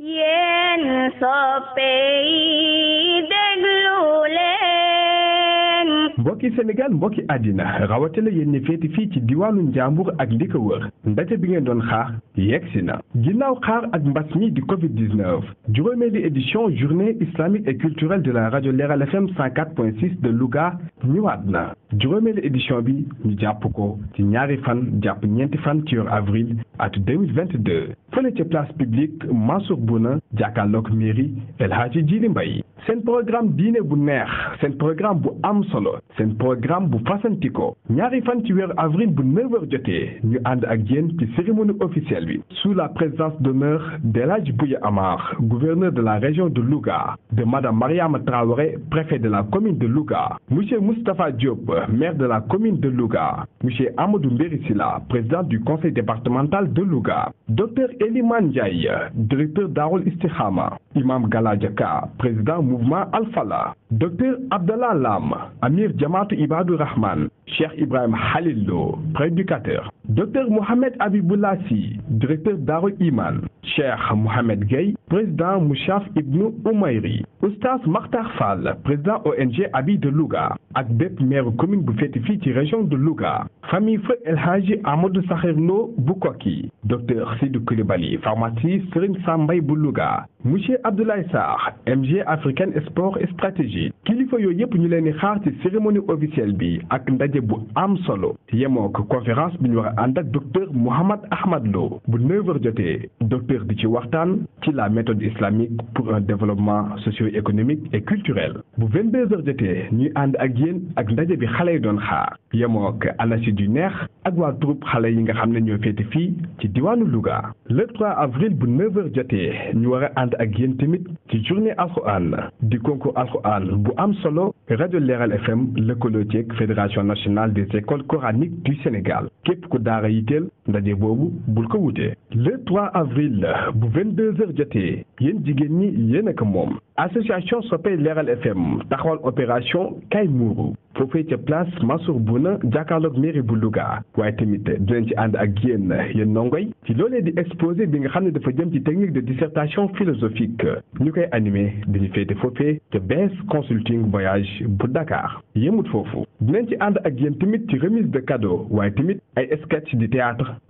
Yen soppey mbokki Sénégal mbokki àddina rawate la yéen ñi fii ci diwaanu Njàmbur ak li ko wër ndaje bi ngeen doon xaar yegsi na ginnaaw xaar ak mbas mi di covid 19 juróomeeli édition journée islamique et culturelle de la rajo Leral FM 104.6 de Louga ñëwaat na juróomeeli édition bi ñu jàpp ko ci ñaari fan jàpp ñeenti fan ci yor avril at fële ca place publique Mansourbouna jàkkaarloog mairie El Hadji Djili Mbaye seen programme diine bu neex seen programme bu am solo seen programme bu fasantikoo ñaari fan ci weeru avril bu 9h jotee ñu ànd ak yéen ci cérémonie officielle bi sous la présidence d'honneur d'El Hadji Bouya Amar gouverneur de la région de Louga de madame Mariama Traoré préfet de la commune de Louga monsieur Moustapha Diop maire de la commune de Louga monsieur Amadou Mbéry Sylla président du conseil départemental de Louga Eliman Ndiaye directeur Daarul Istikhama imam Galadia Ka président mouvement Abibullah Sy directeur Daarul Iman Cheikh Mohamed Gueye président Mouchaf Ibnu Oumayri Oustaz Makhtar Fall président ONG Abi de Louga ak maire commune bu féete fii ci région de Louga famille feu El Hadji Amadou Sakhir Lo bu Coulibaly pharmacie Serigne mbay bu Louga monsieur Abdoulaye Sarr MG African Sport Stratégie kilifa yooyu yëpp ñu leen di xaar ci cérémonie officielle bi ak ndaje bu am solo yemook conférence bi ñu war a ànd ak docteur Mouhamad Ahmad Lo bu 9 jotee docteur di ci waxtaan ci la méthode islamique pour un développement socio-économique et culturel bu 22h jotee ñuy ànd ak yéen ak ndaje bi xale yi doon xaar yemook anasi du neex ak waa troupe xale yi nga xam ne ñoo féete fii ci diwaanu Louga le 3 avril bu 9h jotee ñu war a ànd ak yéen tamit ci journée alxuraan di concours alxuraan bu am solo rajo Leeral FM lëkkaloo ceeg fédération nationale des écoles coraniques du Sénégal képp ku daara yitteel ndaje boobu bul ko wutee le 3 avril bu 22h jotee yéen jigéen ñi yéen ak moom association soppey leeral fm taxawal opération kay muuru foofee ca place bu na jàkkaarloog mairie bu Louga waaye tamit dinañ ci ànd ak yéen yéen ndongoy ci loolee di exposé bi nga xam ne dafa jëm ci technique de dissertation philosophique ñu koy animé dañu féete foofee ca BES consulting voyage bu Dakar yéemut foofu dinañ ci ànd ak yéen tamit ci remise de cadeau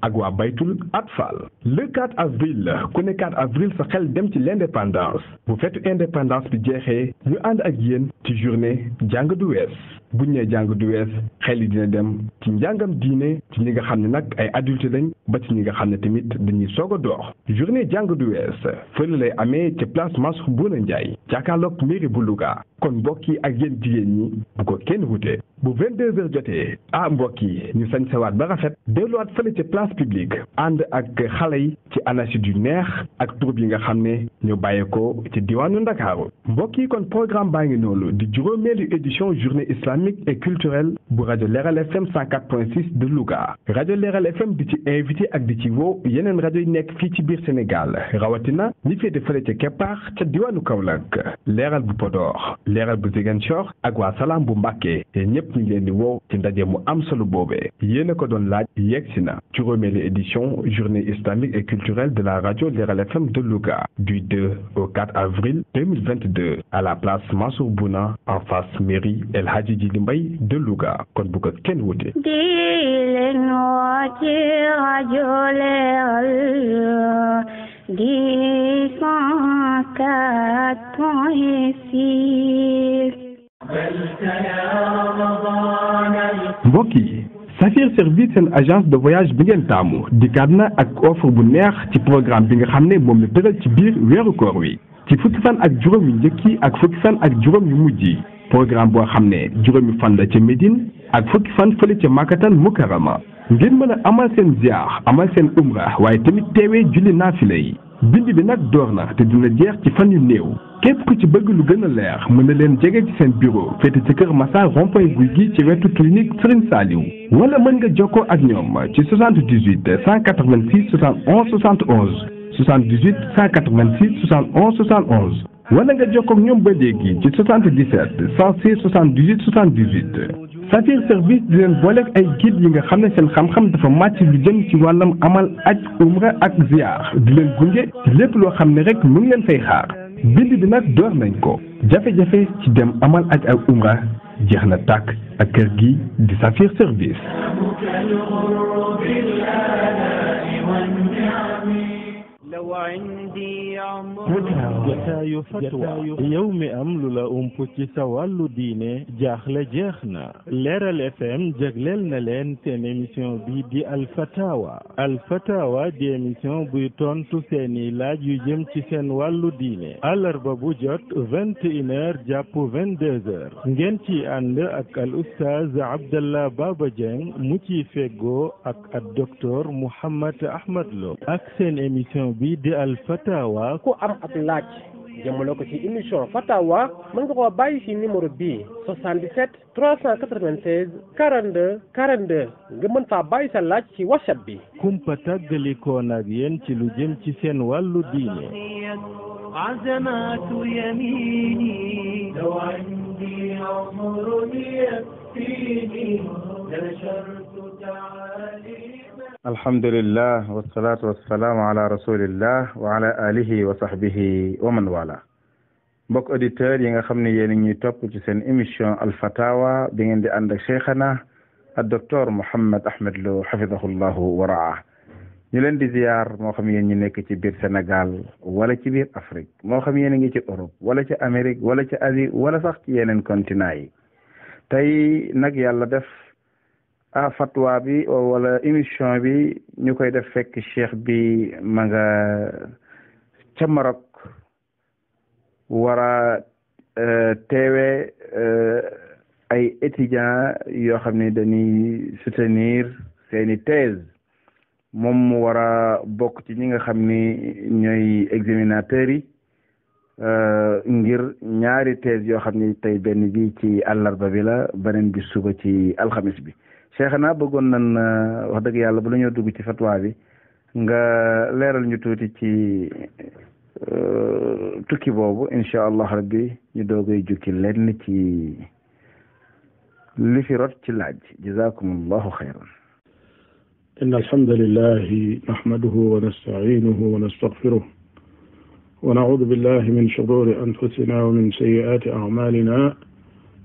ak waa baytul atfal le 4 avril ku ne 4 avril sa xel dem ci l'indépendance bu fetu indépendance bi jeexee ñu ànd ak yéen ci journée jàng du wees buñ nee jàng du wees xel yi dina dem ci njàngam diine ci ñi nga xam ne nag ay adulte lañ ba ci ñi nga xam ne tamit dañuy soog a door journée jàng du wees fële lay amee ca place Mansour Bouna Ndiaye jàkkaarlook mairie bu Louga kon mbokk yi ak yéen jigéen ñi bu ko kenn wute bu 22 heures jotee ah mbokk yi ñu sañ sawaat ba rafet delluwaat fële ca place publique ànd ak xale yi ci anachid yu neex ak troupe yi nga xam ne ñu bàyyee ko ci diwaanu Ndakaaru mbokk yi kon programme baa ngi noonu di juróomeelu édition journée islam islamique et culturelle bu rajo Leral FM 104.6 de Louga rajo Leral FM di ci invité ak di ci woo yeneen rajo yi nekk fii ci biir Sénégal rawatina ñi féete fële ca Keppaax ca diwaanu Kaolack leeral bu Podor leeral bu Ziguinchor ak waa Salaam bu Mbàkke te ñépp ñu leen di woo ci ndaje mu am solo boobee yéen ko doon laaj yegsi na juróomeelu édition journée islamique et culturelle de la radio Leral FM de Louga du 2 au 4 avril 2022 à la place Mansour Bouna en face mairie El Hadji Sidi Mbaye de Louga kon bu kenn wute di leen woo ci rajo Leeral di cent quatre point six mbokk Safir Service seen agence de voyage bi ngeen taamu dikkaat na ak offre bu neex ci programme bi nga xam ne moom la tëral ci biir weeru koor wi ci fukki fan ak juróom yu njëkk ak fukki fan ak juróom yu mujj yi programme boo xam ne juróomi fan la ca Médine ak fukki fan fële ca Makkatal Mukarrama ngeen mën a amal seen ziar amal seen umra waaye tamit teewee julli naafila yi bind bi nag door na te dina jeex ci fan yu néew képp ku ci bëgg lu gën a leer mën na leen jege ci seen bureau féete ci kër Massar rond-point guy gi ci wetu clinique Serigne Saliou wala mën nga jokkoo ak ñoom ci 78 186 71 71 78 186 71 71 wala nga jokkoog ñoom ba léegi ci 77 106 78 78. Safir service di leen booleeg ay guide yi nga xam ne seen xam-xam dafa màcc lu jën ci wàllam amal aj umra ak ziar di leen gunge ci lépp loo xam ne rek mu ngi leen fay xaar bind bi nag door nañ ko jafe-jafe ci dem amal aj ak umra jeex na tàkk ak kër gi di Safir service. jataayu fatwa mi am lu la ump ci sa wàllu diine jaaxle jeex na leeral fm jagleel na leen seen émission bi di alfatawa alfatawa di émission buy tontu seeni laaj yu jëm ci seen wàllu diine àllarba bu jot vingt et une heures ngeen ci ànd ak al oustaz Abdallah Baba Dieng mu ci feggoo ak ak docteur Mouhammad Ahmad Lo ak seen émission bi di al fatawa ku am ab laaj jëmale ko ci émission fatawa mën nga koo bàyyi ci numéro bii 77 396 42 42 nga mën faa bàyyi sa laaj ci whatsapp bi kumpa tàggalikoo naag yéen ci lu jëm ci seen wàllu diine عزمات يميني لو عندي عمر يكفيني نشرت تعاليمي alhamdulillah wasalaatu wasalaamu ala rasulillah wa ala alihi wa sahbihi wa man wala mbokk auditeurs yi nga xam ne yéen ñuy topp ci seen émission alfatawa bi ngeen di ànd ak cheikhana ak docteur Mouhammad Ahmed Lo hafidahullahu wa raa ñu leen di ziyaar moo xam yéen ñi nekk ci biir Sénégal wala ci biir Afrique moo xam yéen a ngi ci Europe wala ci Amérique wala ci Asie wala sax ci yeneen continent yi tey nag yàlla def Ah, fatwa bi wala émission bi ñu koy def fekk cheikh bi ma nga ca Maroc war a euh, teewe euh, ay étudiants yoo xam ni dañuy soutenir seeni thèse moom mu war a bokk ci ñi nga xam ni ñooy examinateurs yi euh, ngir ñaari thèse yoo xam ni tey benn bi ci àllarba bi la beneen bi suba ci alxamis bi Cheikhna bëggoon nan euh, wax dëgg yàlla bu la ñoo dugg ci fatwa bi nga leeral ñu tuuti ci euh, tukki boobu incha allah rabbi ñu doogay jukki lenn ci li fi rot ci laaj jazakumullahu xayran إن الحمد لله نحمده ونستعينه ونستغفره ونعوذ بالله من شرور أنفسنا ومن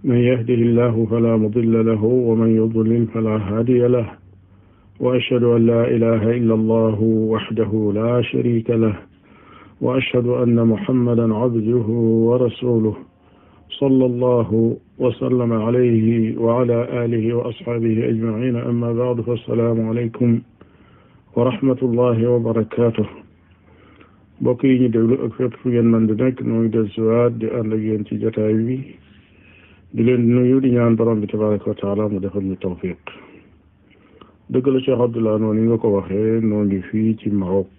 من يهده الله فلا مضل له ومن يضلل فلا هادي له وأشهد أن لا إله إلا الله وحده لا شريك له وأشهد أن محمدا عبده ورسوله صلى الله وسلم عليه وعلى آله وأصحابه أجمعين أما بعد فالسلام عليكم ورحمة الله وبركاته mbokk yi ñu déglu ak fépp fu ngeen mën di nekk noo ngi dellusiwaat di ànd ak yéen ci jotaay bi di leen di ñaan borom bi tabaraka wa taala mu defal ñu tawfiq dëgg la Cheikh Abdullah noonu yi nga ko waxee noo ngi fii ci Maroc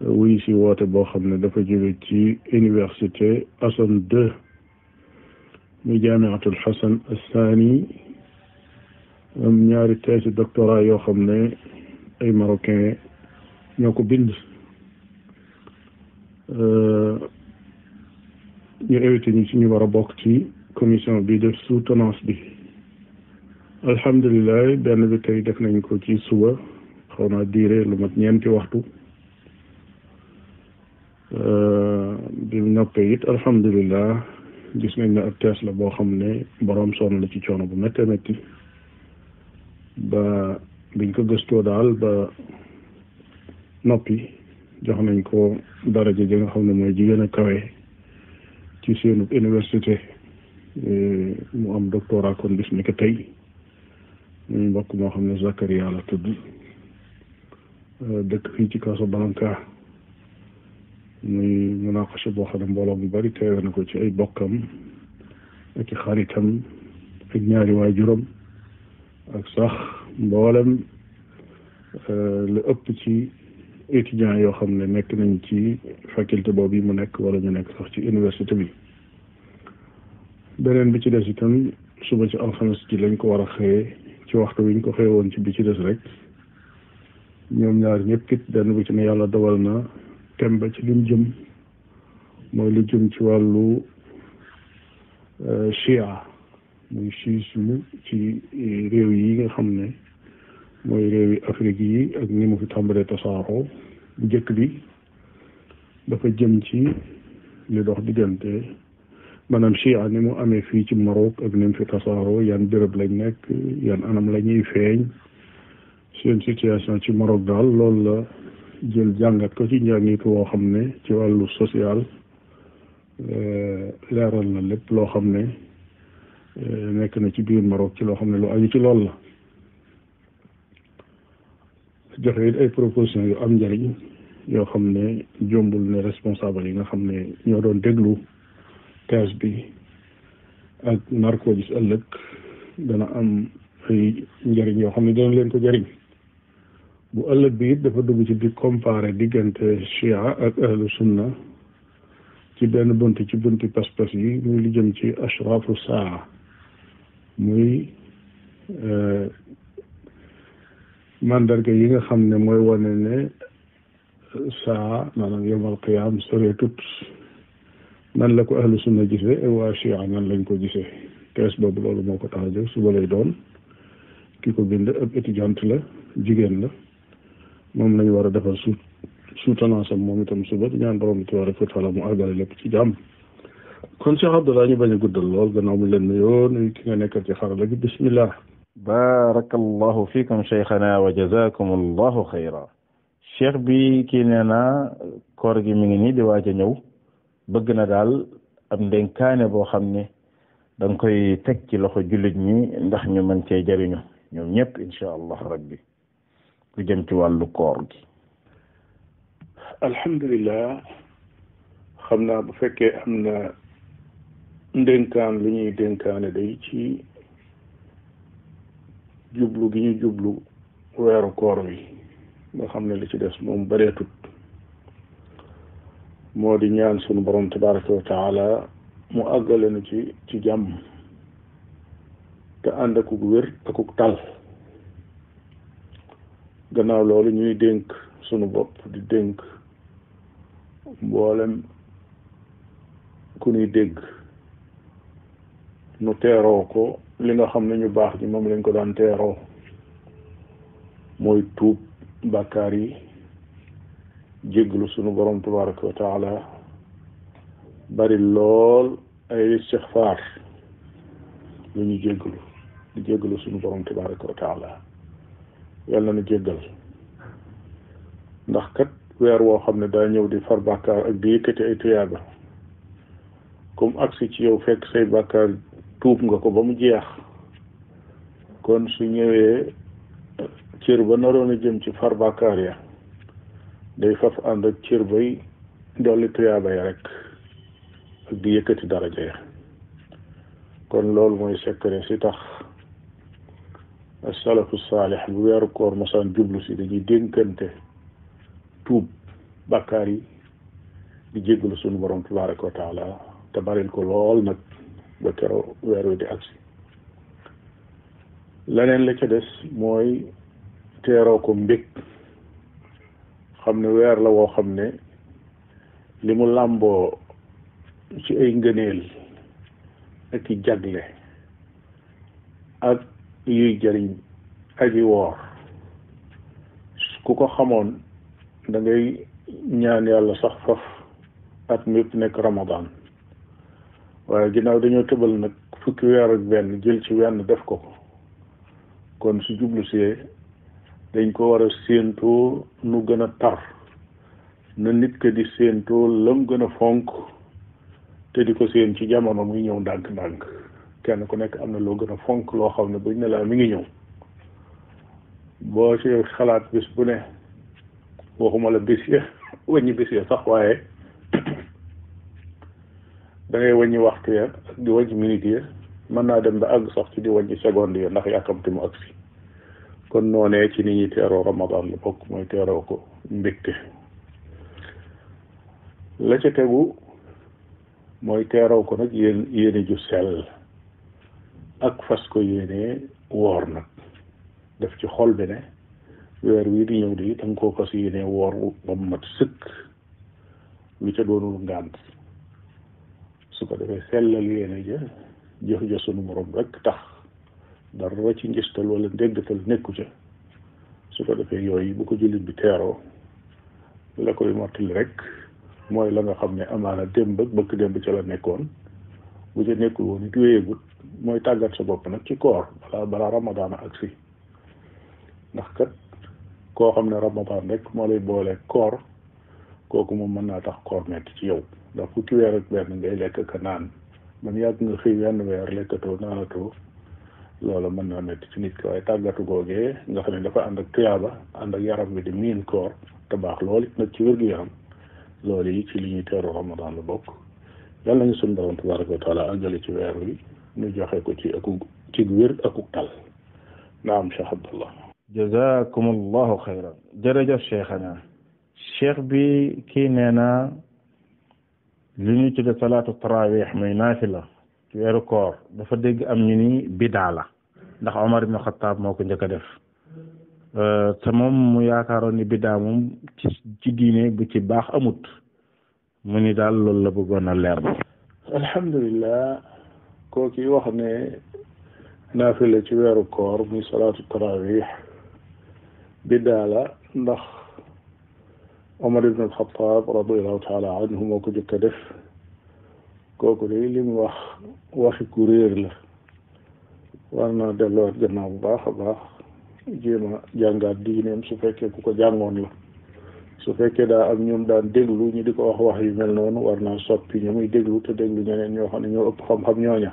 wuy si woote boo xam ne dafa jóge ci université Assane 2 muy jaamiatul Hassan Assani am ñaari thèse doctorat yoo xam ne ay marocain ñoo ko bind euh, ñu invité ñu ñu war a bokk ci commission bi def soutenance bi alhamdulilah benn bi tey def nañ ko ci suba xaw naa diire lu mat ñeenti waxtu euh, bi noppee it alhamdulilah gis nañ ne ab tees la boo xam ne boroom sonn la ci coono bu méttee métti ba biñ ko gëstoo daal ba noppi jox nañ ko daraja ji nga xam ne mooy jigéen a kawe ci seenub université mu am doctorat kon tey muy mbokk moo xam ne Zakaria la tudd dëkk fii ci Casablanca muy munaqasha boo xam ne mbooloo mu bari teewe na ko ci ay bokkam ak i xaritam ak ñaari waajuram ak sax mboolem e, lu ëpp ci étudiants yoo xam ne nekk nañ ci faculté boobu yi mu nekk wala ñu nekk sax ci université bi beneen bi ci des itam suba ci alxames ji lañ ko war a xëyee ci waxtu ñu ko xëyee woon ci bi ci des rek ñoom ñaar ñëpp it benn bu ci ne yàlla dogal na tem ba ci lim jëm mooy li jëm ci wàllu chia euh, ci eh, réew yi nga xam ne mooy réew yi Afrique yi ak ni mu fi tàmbalee tasaaroo njëkk bi dafa jëm ci li dox diggante maanaam chia ni mu amee fii ci Maroc ak ni mu fi tasaaroo yan béréb lañ nekk yan anam la ñuy feeñ seen situation ci Maroc daal loolu la jël jàngat ko ci njàngit woo xam ne ci wàllu social eh, leeral na lépp loo xam ne eh, nekk na ci biir Maroc ci loo xam ne lu aju ci loolu la joxe it ay proposition yu am njariñ yoo xam ne jombul ne responsable yi nga xam ne ñoo doon déglu thèse bi ak nar koo gis ëllëg dana am ay njëriñ yoo xam ne dana leen ko jëriñ bu ëllëg bi it dafa dugg ci di comparer diggante chia ak ahlu sunna ci benn bunt ci bunti pas-pas yi muy li jëm ci ashrafu saa muy eh, mandarga yi nga xam ne mooy wane ne saa maanaam yomal qiyaam soreetut nan la ko ahlu sunna gisee ak eh, waa chia nan lañ ko gisee thèse boobu loolu moo ko tax a jóg suba lay doon ki ko bind ab étudiante la jigéen la moom lañ war a defar suuf soutenance am moom itam suba ñaan borom bi tabaaraka wa taala mu àggale lépp ci jàmm kon Cheikh Abdallah ñu bañ a guddal lool gannaaw mu leen nuyoo nuyu ki nga nekkal ci xarala gi bismillah barakallahu fiikum cheikhana wa jazakum allahu xayra cheikh bi kii nee na koor gi mi ngi nii di waaj a ñëw bëgg na daal ab ndenkaane boo xam ne da koy teg ci loxo jullit ñi ndax ñu mën cee jariñu ñoom ñëpp incha allah rabbi lu jëm ci wàllu koor gi alhamdulilah xam naa bu fekkee am na ndénkaan lu ñuy dénkaane day ci jublu gi ñu jublu weeru koor wi nga xam ne li ci des moom bareetul moo di ñaan sunu borom tabaraka wa mu àggale na ci ci jàmm te ànd akuk wér akuk tal gannaaw loolu ñuy dénk sunu bopp di dénk mboolem ku ñuy dégg nu teeroo ko li nga xam ne ñu baax moom lañ ko daan teeroo mooy tuub bàkkaar yi jégglu sunu borom tabaraka bari lool ay istixfaar lu ñu jégglu di jégglu sunu borom tabaraka wa taala na jéggal ndax kat weer woo xam ne daa ñëw di far bàkkaar ak di yëkkati ay tuyaaba comme agsi ci yow fekk say bàkkaar tuub nga ko ba mu jeex kon su ñëwee cër ba naroon a jëm ci far bàkkaar ya day faf ànd ak cër bay dolli tuyaaba ya rek ak di yëkkati daraja ya kon loolu mooy secret si tax asalafu saalix bu weeru koor mosaan jublu si dañuy dénkante tuub bàkkaar yi di jéggalu suñu borom tabaraka wa taala te baril ko lool nag ba keroo weer wi la ca des mooy teeroo ko mbég xam ne weer la woo xam ne li mu làmboo ci ay ngëneel ak i jagle ak yuy jëriñ aji woor ku ko xamoon dangay ngay ñaan yàlla sax faf at mépp nekk ramadan waaye ginnaaw dañoo tëbal nag fukki weer ak benn jël ci wenn def ko ko kon su jublu see dañ ko war a séentoo nu gën a tar na nit ka di séentoo lam gën a fonk te di ko séen ci jamono muy ñëw ndànk-ndànk kenn ku nekk am na loo gën a fonk loo xam ne buñ ne laa mi ngi ñëw boo ci xalaat bis bu ne waxuma la bis ya wàññi bis ya sax waaye da ngay wàññi waxtu ya ak di wàññi minute ya mën naa dem ba àgg sax ci di wàññi seconde ya ndax yàkkamti mu agsi kon noonee ci ni ñuy teeroo ramadan la bokk mooy teeroo ko mbégte la ca tegu mooy teeroo ko nag yéen yéene ju sell ak fas ko yéene woor nag def ci xol bi ne weer wii di ñëw di da nga koo fas yéene woor ba mat sëkk lu ca doonul ngànt su ko defee sellal yéene ja jëf ja sunu borom rekk tax dara ci ngistal wala ndéggatal nekku ca su ko defee yooyu bu ko jullit bi teeroo la koy mottali rek mooy la nga xam ne amaana démb ak bëkk démb ca la nekkoon bu ca nekkul woon it wéyegut mooy tàggat sa bopp nag ci koor balaa balaa ramadaan ak si ndax kat koo xam ne ramadaan rek moo lay boolee koor kooku moom mën naa tax koor metti ci yow ndax fukki weer ak benn ngay lekk ka naan man yàgg nga xëy wenn weer lekkatoo naanatoo loola mën naa metti ci nit ki waaye tàggatu googee nga xam ne dafa ànd ak tuyaaba ànd ak yaram bi di miin koor te baax loolu it nag ci wér-gu-yaram looli ci li ñuy teeru ramadan la bokk yàlla nañu suñu borom tabaraka wa taala ci weer wi ñu joxe ko ci aku ci wér aku tal naam cheikh abdallah jazakum allahu xayran jërëjëf cheikhana cheikh bi kii nee na li ñu tudde salaatu tarawih muy naafila ci weeru koor dafa dégg am ñu ni bidaa la ndax Omar ibn Xattaab moo ko njëkk def euh, te moom mu yaakaaroon ni bidaa moom ci ci diine bu ci baax amut mu ni daal loolu la bëggoon a leer bi alhamdulilah kooki wax ne naafila ci weeru koor muy salaatu tarawih bidaa la ndax Omar ibn Xattaab radiallahu taala moo ko njëkk def kooku de li mu wax waxi ku réer la war naa delloo gannaaw bu baax a baax jéem a jàngaat diineem su fekkee ku ko jàngoon la su fekkee daa am ñoom daan déglu ñu di ko wax wax yu mel noonu war naa soppi ñu muy déglu te déglu ñeneen ñoo xam ne ñoo ëpp xam-xam ñooña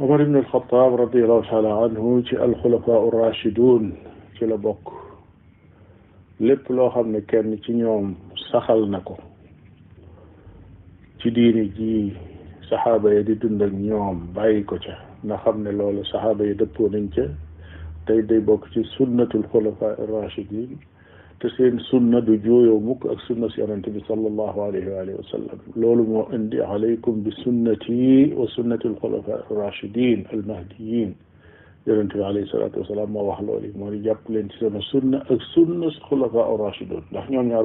Omar ibn al-Khattab radiallahu taala anhu ci alxulafaa rachidun ci la bokk lépp loo xam ne kenn ci ñoom saxal na ko ci diine ji saxaaba yi di dund ak ñoom bàyyi ko ca nga xam ne loolu saxaaba yi dëppoo nañ ca tey day bokk ci sunnatul xulafa rachidin te seen sunna du jooyoo mukk ak sunna si yonente bi sallallahu alayhi wa alihi wa sallam loolu moo indi alaykum bi sunnati wa sunnati al xulafa rachidin al mahdiyin yonente bi moo wax loolu moo di jàpp leen ci sama sunna ak sunna xulafa rachidun ndax ñoom ñaar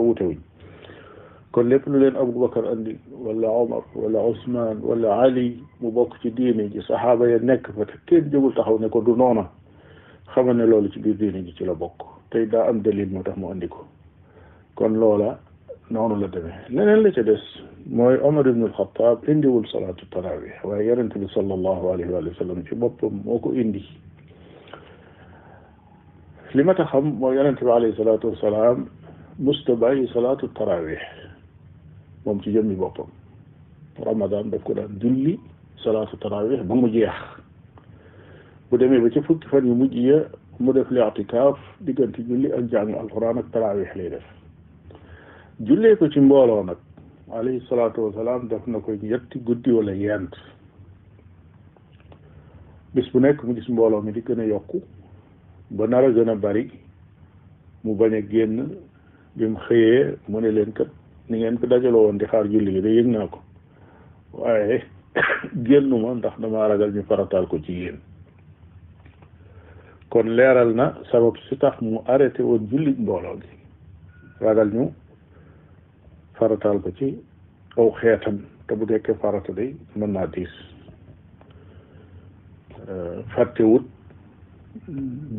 kon lépp lu leen Aboubacar andi wala Omar wala Ousmane wala Ali mu bokk ci diine ji saxaaba ya nekk fa te kenn jógul taxaw ne ko du noona xamal ne loolu ci biir diine ji ci la bokk tey daa am dalil moo tax mu andi ko kon loola noonu la demee leneen la ca des mooy Omar ibn al-Khattab indiwul salaatu tarawih waaye yonent bi sallallahu alayhi wa sallam ci boppam moo ko indi li ma ta xam mooy yonent bi alayhi salaatu wasalaam musta bàyyi salaatu tarawih moom ci jëmmi boppam ramadan daf ko daan julli salaatu tarawih bu mu jeex bu demee ba ci fukki fan yu mujj ya mu def li atikaaf diggante julli ak jàng alquran ak tarawih lay def jullee ko ci mbooloo nag alayhi salaatu wasalaam def na ko ñetti guddi wala yent bis bu nekk mu gis mbooloo mi di gën a yokku ba nar a gën a bari mu bañ a génn mu xëyee mu ne leen ni ngeen ko dajaloo woon di xaar julli gi de yëg naa ko waaye génnuma ndax damaa ragal ñu farataal ko ci yéen kon leeral na sabab su tax mu arrêté woon jullit mbooloo gi ragal ñu farataal ko ci aw xeetam te bu dekkee farata day mën naa diis euh, fàttewut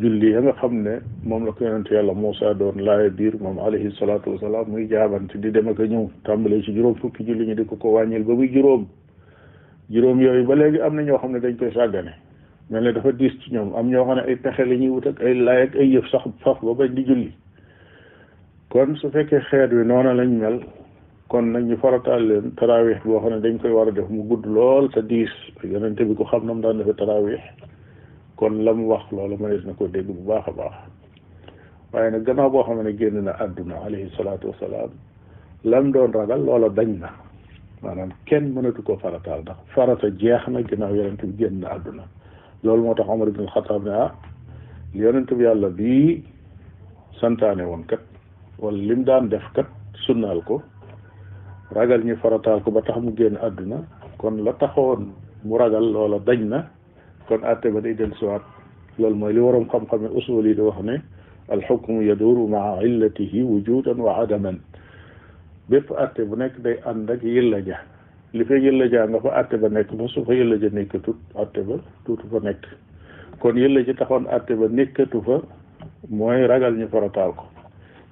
julli ya nga xam ne moom la ko yonent yàlla Moussa doon laaya biir moom alayhi salaatu wasalaam muy jaabante di dem ak a ñëw tàmbalee ci juróom fukki julli ñu di ko ko wàññil ba muy juróom juróom yooyu ba léegi am na ñoo xam ne dañ koy sàggane mel ne dafa diis ci ñoom am ñoo xam ne ay pexe la ñuy wut ak ay laay ak ay yëf sax sax ba bañ di julli kon su fekkee xeet wi noona lañ mel kon nag ñu farataal leen taraawix boo xam ne dañ koy war a def mu gudd lool te diis yonent bi ko xam na mu daan defee taraawix kon la mu wax loolu mënees na koo dégg bu baax a baax waaye nag gannaaw boo xam ne génn na àdduna alayhi salaatu wasalaam lam doon ragal loola dañ na maanaam kenn mënatu ko farataal ndax farata jeex na gannaaw yonent bi génn na àdduna loolu moo tax Omar ibn Xataab ne ah yonent bi yàlla bii santaane woon kat li mu daan def kat sunnaal ko ragal ñi farataal ko ba tax mu génn àdduna kon la taxoon mu ragal loola dañ na kon àtte ba day dellusiwaat loolu mooy li waroon xam-xame usul yi di wax ne alxukmu yaduuru maa illatihi wujudan wa adaman bépp àtte bu nekk day ànd ak yilla ja li fa yilla ja nga fa àtte ba nekk ba su fa yilla ja nekkatut àtte ba tuutu fa nekk kon yilla ja taxoon àtte ba nekkatu fa mooy ragal ñu farataal ko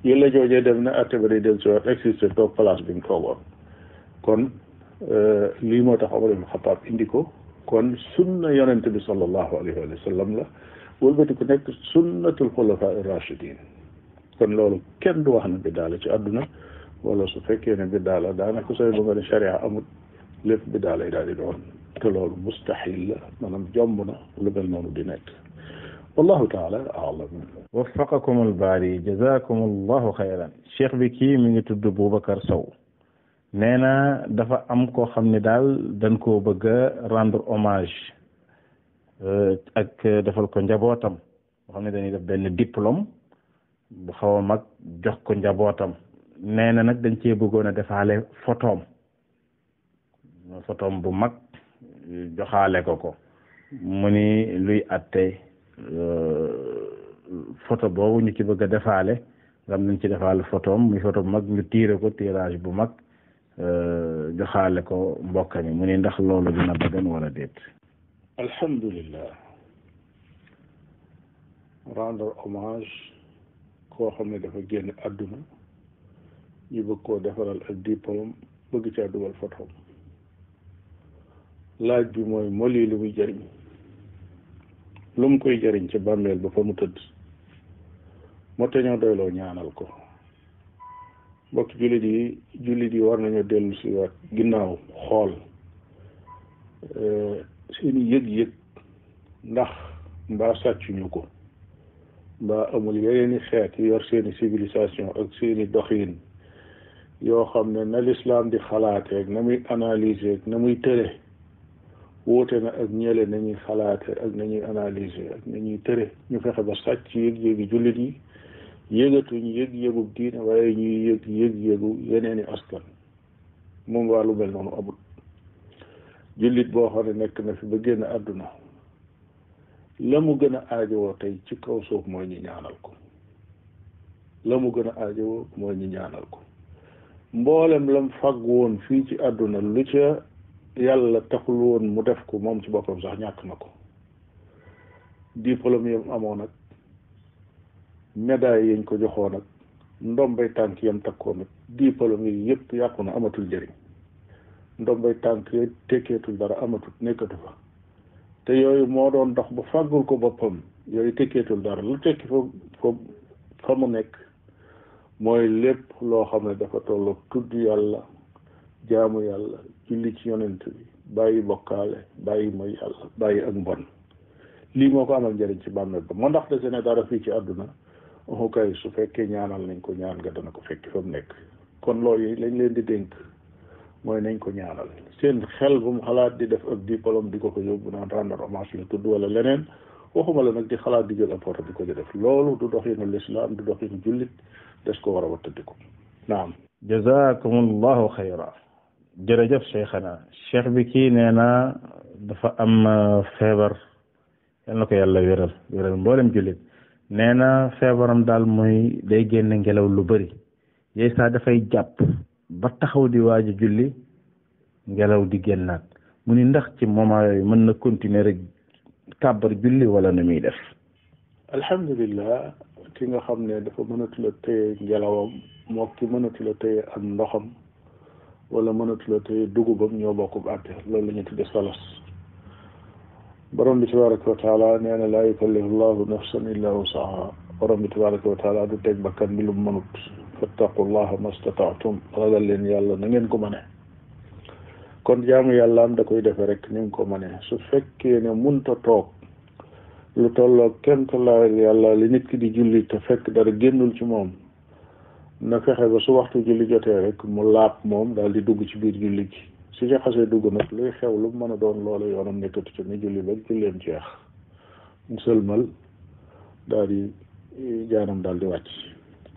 yilla joojee dem na àtte ba day dellusiwaat existé toog place bi mu toogoon kon euh, lii moo tax Omar ibn Xattaab indi ko kon sunna yonente bi sallallahu alayhi wa sallam la wëlbati ku nekk sunnatul xulafa rachidin kon loolu kenn du wax ne biddaa la ci àdduna wala su fekkee ne biddaa la daanaka sooy ba nga ne sharia amul lépp biddaa lay daal di doon te loolu mustahil la maanaam jomb na lu mel noonu di nekk wallahu taala alam waffaqakum albaari jazakum allahu xayran cheikh bi kii mi ngi tudd Boubacar Sow nee na dafa am koo xam ne daal dañ koo bëgg a rendre hommage euh, ak defal ko njabootam boo xam ne dañuy def benn diplôme bu xaw a mag jox ko njabootam nee na nag dañ cee bëggoon a defaale photoom photoom bu mag joxaale ko ko mu ni luy atte euh, photo boobu ñu ci bëgg a defaale nga xam nañ ci defaale photoom muy photo bu mag ñu tiire ko bu mag Euh, joxaale ko mbokka mi mu ne ndax loolu dina dagan wala déet alhamdulillah rendre hommage koo xam ne dafa génn àdduna ñu bëgg koo defaral ak diplôme bëgg caa dugal fotoom laaj bi mooy moli lu muy jëriñ lu mu koy jëriñ ci bàmmeel ba fa mu tëdd moo te ñoo doyloo ñaanal ko mbokki jullit yi jullit yi war nañu dellu si waat ginnaaw xool euh, seeni yëg-yëg ndax mbaa sàccuñu ko mbaa amul yeneeni xeet yu yor seeni civilisation ak seeni doxin yoo xam ne na lislaam di xalaate ak na muy analyser ak na muy tëre wuute na ak ñële ñuy xalaate ak nañuy analyser ak nañuy tëre ñu fexe ba sàcc yëg yi jullit yi yëgatuñ yëg-yëgub diine waaye ñuy yëg yëg-yëgu yeneen i askan moom waa lu mel noonu amul jullit boo xam ne nekk na fi ba génn àdduna la mu gën a aajowoo tey ci kaw suuf mooy ñu ñaanal ko la mu gën a aajowoo mooy ñu ñaanal ko mboolem lam fag woon fii ci àdduna lu ca yàlla taxul woon mu def ko moom ci boppam sax ñàkk na ko diplôme yam amoon nag médaille yañ ko joxoon ak ndombay tànk yam takkoon ak diplôme yi yëpp yàqu na amatul njëriñ ndombay tànk yooyu tekkeetul dara amatul nekkatu fa te yooyu moo doon dox ba fàggul ko boppam yooyu tekkeetul dara lu tekki fa fa mu nekk mooy lépp loo xam ne dafa tolloog tudd yàlla jaamu yàlla julli ci yonent bi bàyyi bokkaale bàyyi mooy yàlla bàyyi ak mbon lii moo ko amal njëriñ ci bàmmeel ba moo ndax dese ne dara fii ci àdduna kay su fekkee ñaanal nañ ko ñaan nga dana ko fekk fa mu nekk kon loolu yi lañ leen di dénk mooy nañ ko ñaanal seen xel bu mu xalaat di def ak diplôme di ko ko yóbbu naan rendre hommage la wala leneen waxuma la nag di xalaat di jël apport di ko ci def loolu du doxinu lislaam du doxinu jullit des ko war a wattandiku naam jazakumullahu xayra jërëjëf cheikhana bi kii nee na dafa am feebar yal na ko yàlla wéral wéral mboolem jullit nee na feebaram daal mooy day génn ngelaw lu bari yéy saa dafay jàpp ba taxaw di waaj a julli ngelaw di génnaat mu ni ndax ci moment yooyu mën na continuer rek kàbbar julli wala nu muy def alhamdulilah ki nga xam ne dafa mënatula téye ngelawam moo ki mënatula téye ak ndoxam wala mënatula téye dugubam ñoo bokku àtte loolu la ñu tudde solos borom bi tabaraka wa taala nee na laa yukallifu llahu nafsan illa wusaha borom bi tabaraka wa taala du teg bakkan bi lu mënut ma mastataatum ragal leen yàlla na ngeen ko mëne kon jaamu yàlla am da koy defe rek ni mu ko mëne su fekkee ne munta toog lu tolloo kemtalaay yàlla li nit ki di julli te fekk dara génnul ci moom na fexe ba su waxtu julli jotee rek mu laab moom daal di dugg ci biir julli gi su ca xasee dugg nag luy xew lu mën a doon loolu yoonam nekkatu ci ni julli ba julleem jeex mu sëlmal daal di jaanam daal di wàcc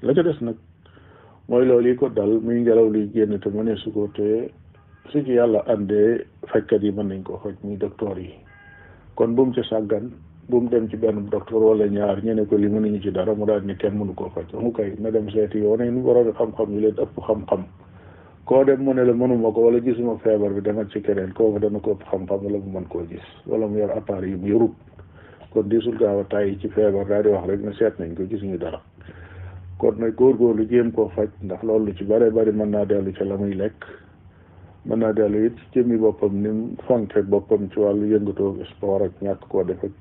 la ca des nag mooy loolu yi ko dal muy ngelaw luy génn te mu ne su ko te su ci yàlla àndee fajkat yi mën nañ ko faj muy docteur yi kon bu mu ca sàggan bu mu dem ci benn docteur wala ñaar ñu ne ko li mënuñu ci dara mu daal ni kenn mënu koo faj amu kay na dem seeti yoon yi nu borom xam-xam yi leen ëpp xam-xam koo dem mu ne la mënuma ko wala gisuma feebar bi demal ci keneen kooku dana ko ëpp xam-xam wala mu mën koo gis wala mu yor appareil yu mu yorut kon diisul gaaw a tàyyi ci feebar daal di wax rek na seet nañ ko gisuñu dara kon nag góor góor lu jéem koo faj ndax loolu ci bare bari mën naa dellu ca la muy lekk mën naa dellu it jëmmi boppam ni mu fonke boppam ci wàllu yëngatoo sport ak ñàkk koo def ak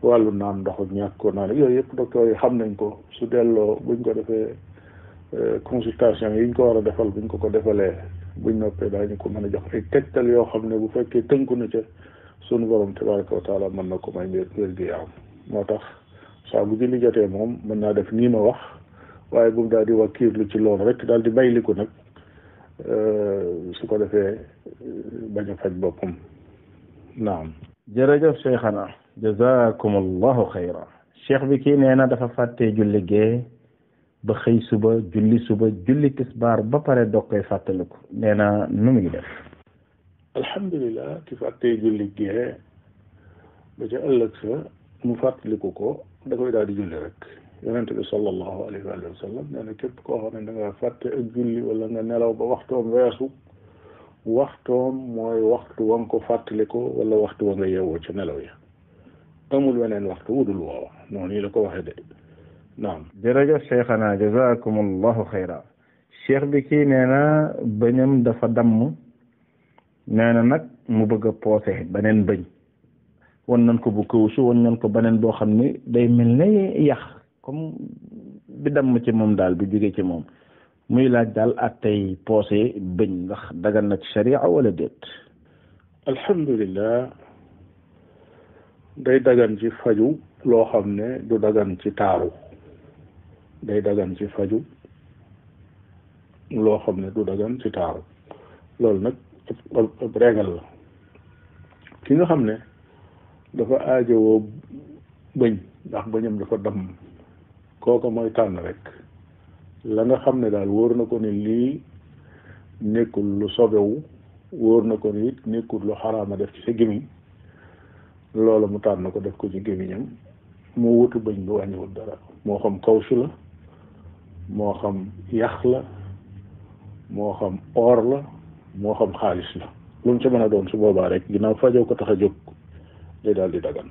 wàllu naan ndox ak ñàkk koo naan yooyu yëpp docteur yi xam nañ ko su delloo buñ ko defee Euh, consultation yi ñu ko war a defal buñ ko ko defalee buñ noppee daañu ko mën a jox ay tegtal yoo xam ne bu fekkee tënku na ca sunu borom tabaraka wa taala mën na ko may wér wér gi yaram moo tax saa bu julli jotee moom mën naa def nii ma wax waaye bu mu daal di lu ci loolu rek daal di bayliku nag euh, su ko defee euh, bañ a faj boppam naam jërëjëf cheikhana jazakum allahu xayra cheikh bi kii nee na dafa fàtte julli gee ba xëy suba julli suba julli tisbaar ba pare dog koy fàttaliku nee na nu muy def alhamdulilah ci fàttee julli gee ba ca ëllëg sa mu fàttaliku ko da koy daal di julli rek yonent bi sallallahu alayhi wa sallam nee na képp koo xam ne da nga fàtte ak julli wala nga nelaw ba waxtoom weesu waxtoom mooy waxtu wa nga ko fàttaliku wala waxtu wa nga yeewoo ca nelaw ya amul weneen waxtu wudul woowa noonu la ko waxee de naam jërëjëf cheikhana jazakumullahu xayra cheikh bi kii nee na bëñam dafa damm nee na nag mu bëgg a poose beneen bëñ wan nañ ko bu kawsu wan nañ ko beneen boo xam ni day mel ne yax comme bi damm ci moom daal bi jóge ci moom muy laaj daal ak tey poose bëñ ndax dagan na ci sharia wala déet alhamdulilah day dagan ci faju loo xam ne du dagan ci taaru day dagan ci faju loo xam ne du dagan ci taaru loolu nag ab régal la ki nga xam ne dafa aajowoo bëñ ndax bëñam dafa damm kooka mooy tànn rek la nga xam ne daal wóor na ko ni lii nekkul lu sobewu wóor na ko ni it nekkul lu xaraama def ci sa gémmiñ loolu mu tànn ko def ko ci gémmiñam mu wutu bëñ bi wàññiwul dara moo xam kaw si la moo xam yàq la moo xam or la moo xam xaalis la lu mu ca mën a doon su boobaa rek ginnaaw fajoo tax a jóg day daal di dagan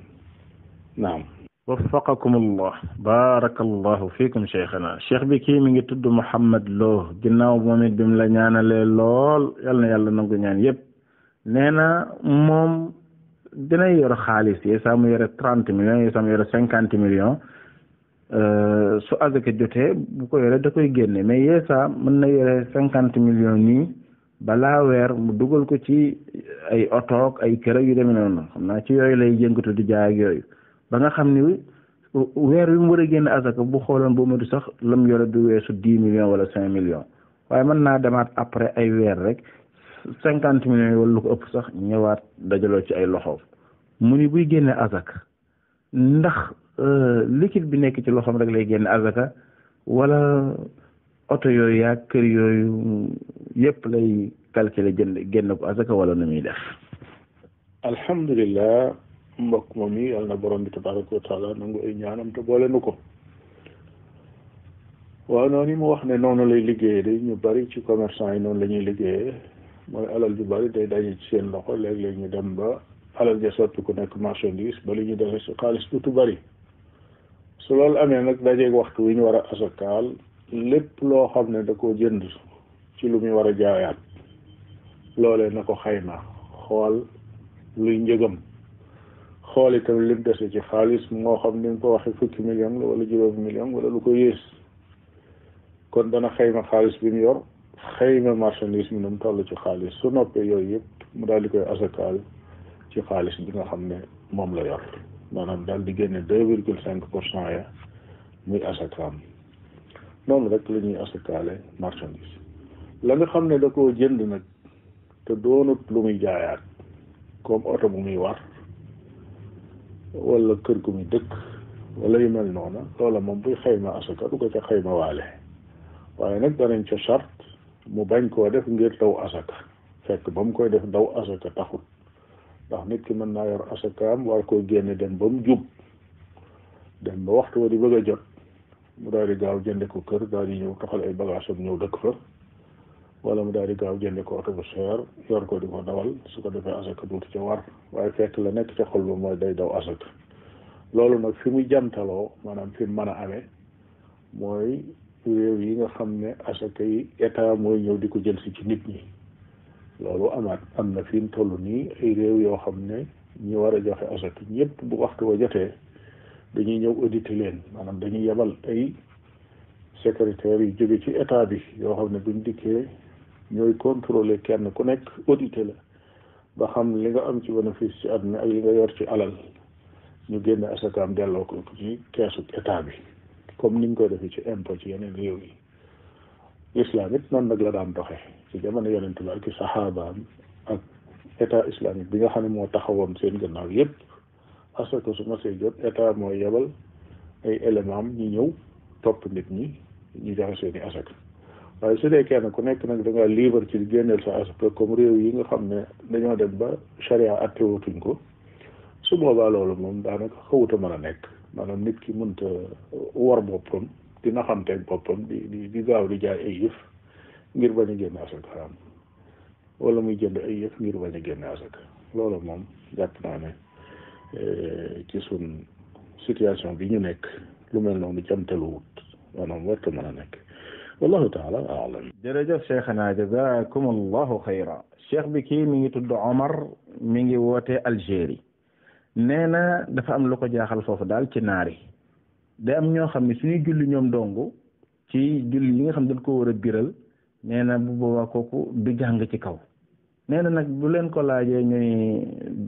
naam waffaqakum allah baarakallahu fiikum cheikhana cheikh bi kii mi ngi tudd Mouhamed Lo ginnaaw moom it bi mu la ñaanalee lool yal na yàlla nangu ñaan yépp nee na moom dina yor xaalis yi saa mu yore trente millions yi saa mu yore cinquante millions Euh, su azaka jotee bu ko yore da koy génne mais yeesa mën na yore cinquante million nii balaa weer mu dugal ko ci ay otoog ay kër yu demee noonu xam naa ci yooyu lay jëngatu di jaay ak yooyu ba nga xam ni weer wi mu war a génn azaka bu xooloon boo madu sax lam yore du weesu dix million wala cinq million waaye mën naa demaat après ay weer rek cinquante millions yi wala lu ko ëpp sax ñëwaat dajaloo ci ay loxoom mu ni buy génne azaka ndax Euh, liquide bi nekk ci loo loxoom rek lay génn azaka wala oto yooyu yaa kër yooyu yëpp lay calculer jënd génn ko azaka wala na muy def alhamdulilah mbokk moom yi yàlla na borom bi tabaraka wa taala nangu ay ñaanam te boole nu ko waaw noonu mu wax ne noonu lay liggéeye day ñu bari ci commerçant yi noonu la ñuy liggéeyee mooy alal ju bari day daje ci seen loxo léeg-léeg ñu dem ba alal ja soppi ku nekk marchandise ba li ñu defee su xaalis tuuti bari su loolu amee nag dajeeg waxtu wi ñu war a asakaal lépp loo xam ne da ko jënd ci lu muy war a jaayaat loolee na ko na xool luy njëgam xool itam lim dese ci xaalis moo xam ni nga ko waxee fukki million la wala juróomi million wala lu ko yées kon dana xayma xaalis bi mu yor xayma marchandise bi nu mu toll ci xaalis su noppee yooyu yëpp mu daal di koy asakaal ci xaalis bi nga xam ne moom la yor maanaam daal di génne deux virgule cinq pour cent ya muy asakaam noonu rek la ñuy asakaale marchandise la nga xam ne da koo jënd nag te doonut lu muy jaayaat comme oto bu muy war wala kër gu muy dëkk wala yu mel noona loola moom buy xayma asaka du ko ca xayma waale waaye nag danañ ca mu bañ koo def ngir daw asaka fekk ba mu koy def daw asaka taxut ndax nit ki mën naa yor asakaam war koo génne dem ba mu jub dem ba waxtu wa di bëgg a jot mu daal di gaaw jënde ko kër daal di ñëw toxal ay bagage am ñëw dëkk fa wala mu daal di gaaw jënde ko oto bu cher yor ko di ko dawal su ko defee asaka duutu ca war waaye fekk la nekk ca xol ba mooy day daw asaka loolu nag fi mu jantaloo maanaam fi man a amee mooy réew yi nga xam ne asaka yi état mooy ñëw di ko jël si ci nit ñi loolu amaat am na fi mu toll nii ay réew yoo xam ne ñi war a joxe asaka ñëpp bu waxtu wa jotee dañuy ñëw auditer leen maanaam dañuy yebal ay secrétaire yu jóge ci état bi yoo xam ne buñ dikkee ñooy contrôler kenn ku nekk auditer la ba xam li nga am ci bénéfice ci at mi ak li nga yor ci alal ñu génne asakaam delloo ko ci keesu état bi comme ni niñ koy defee ci impôt ci yeneen réew yi l'islam it noonu nag la daan doxe ci jamono yonent bi ak i saxaabaam ak état islamique bi nga xam ne moo taxawoon seen gannaaw yépp parce que su ma see jot état mooy yebal ay éléments ñu ñëw topp nit ñi ñu joxe seen i asaka waaye su dee kenn ku nekk nag da ngaa libre ci génneel sa asaka comme réew yi nga xam ne dañoo dem ba charia attewatuñ ko su boobaa loolu moom daanaka xawuta mën a nekk maanaam nit ki mënta war boppam di naxanteeg boppam di di di gaaw di jaay ay ngir ba a génn asaka xaram wala muy jënd ay yëf ngir bañ a génn asaka loolu moom jàpp naa ne eh, ci sun situation bi ñu nekk lu mel noonu jamtalu wut maanaam warta mën a nekk wallahu taala aalam jërëjëf cheikhana jazakum allahu xayra cheikh bi kii mi ngi tudd Omar mi ngi woote Algérie nee na dafa am lu ko jaaxal foofu daal ci naari day am ñoo xam ne suñuy julli ñoom dong ci julli yi nga xam dañ ko war a biral nee na bu boobaa kooku du jàng ci kaw nee na nag bu leen ko laajee ñuy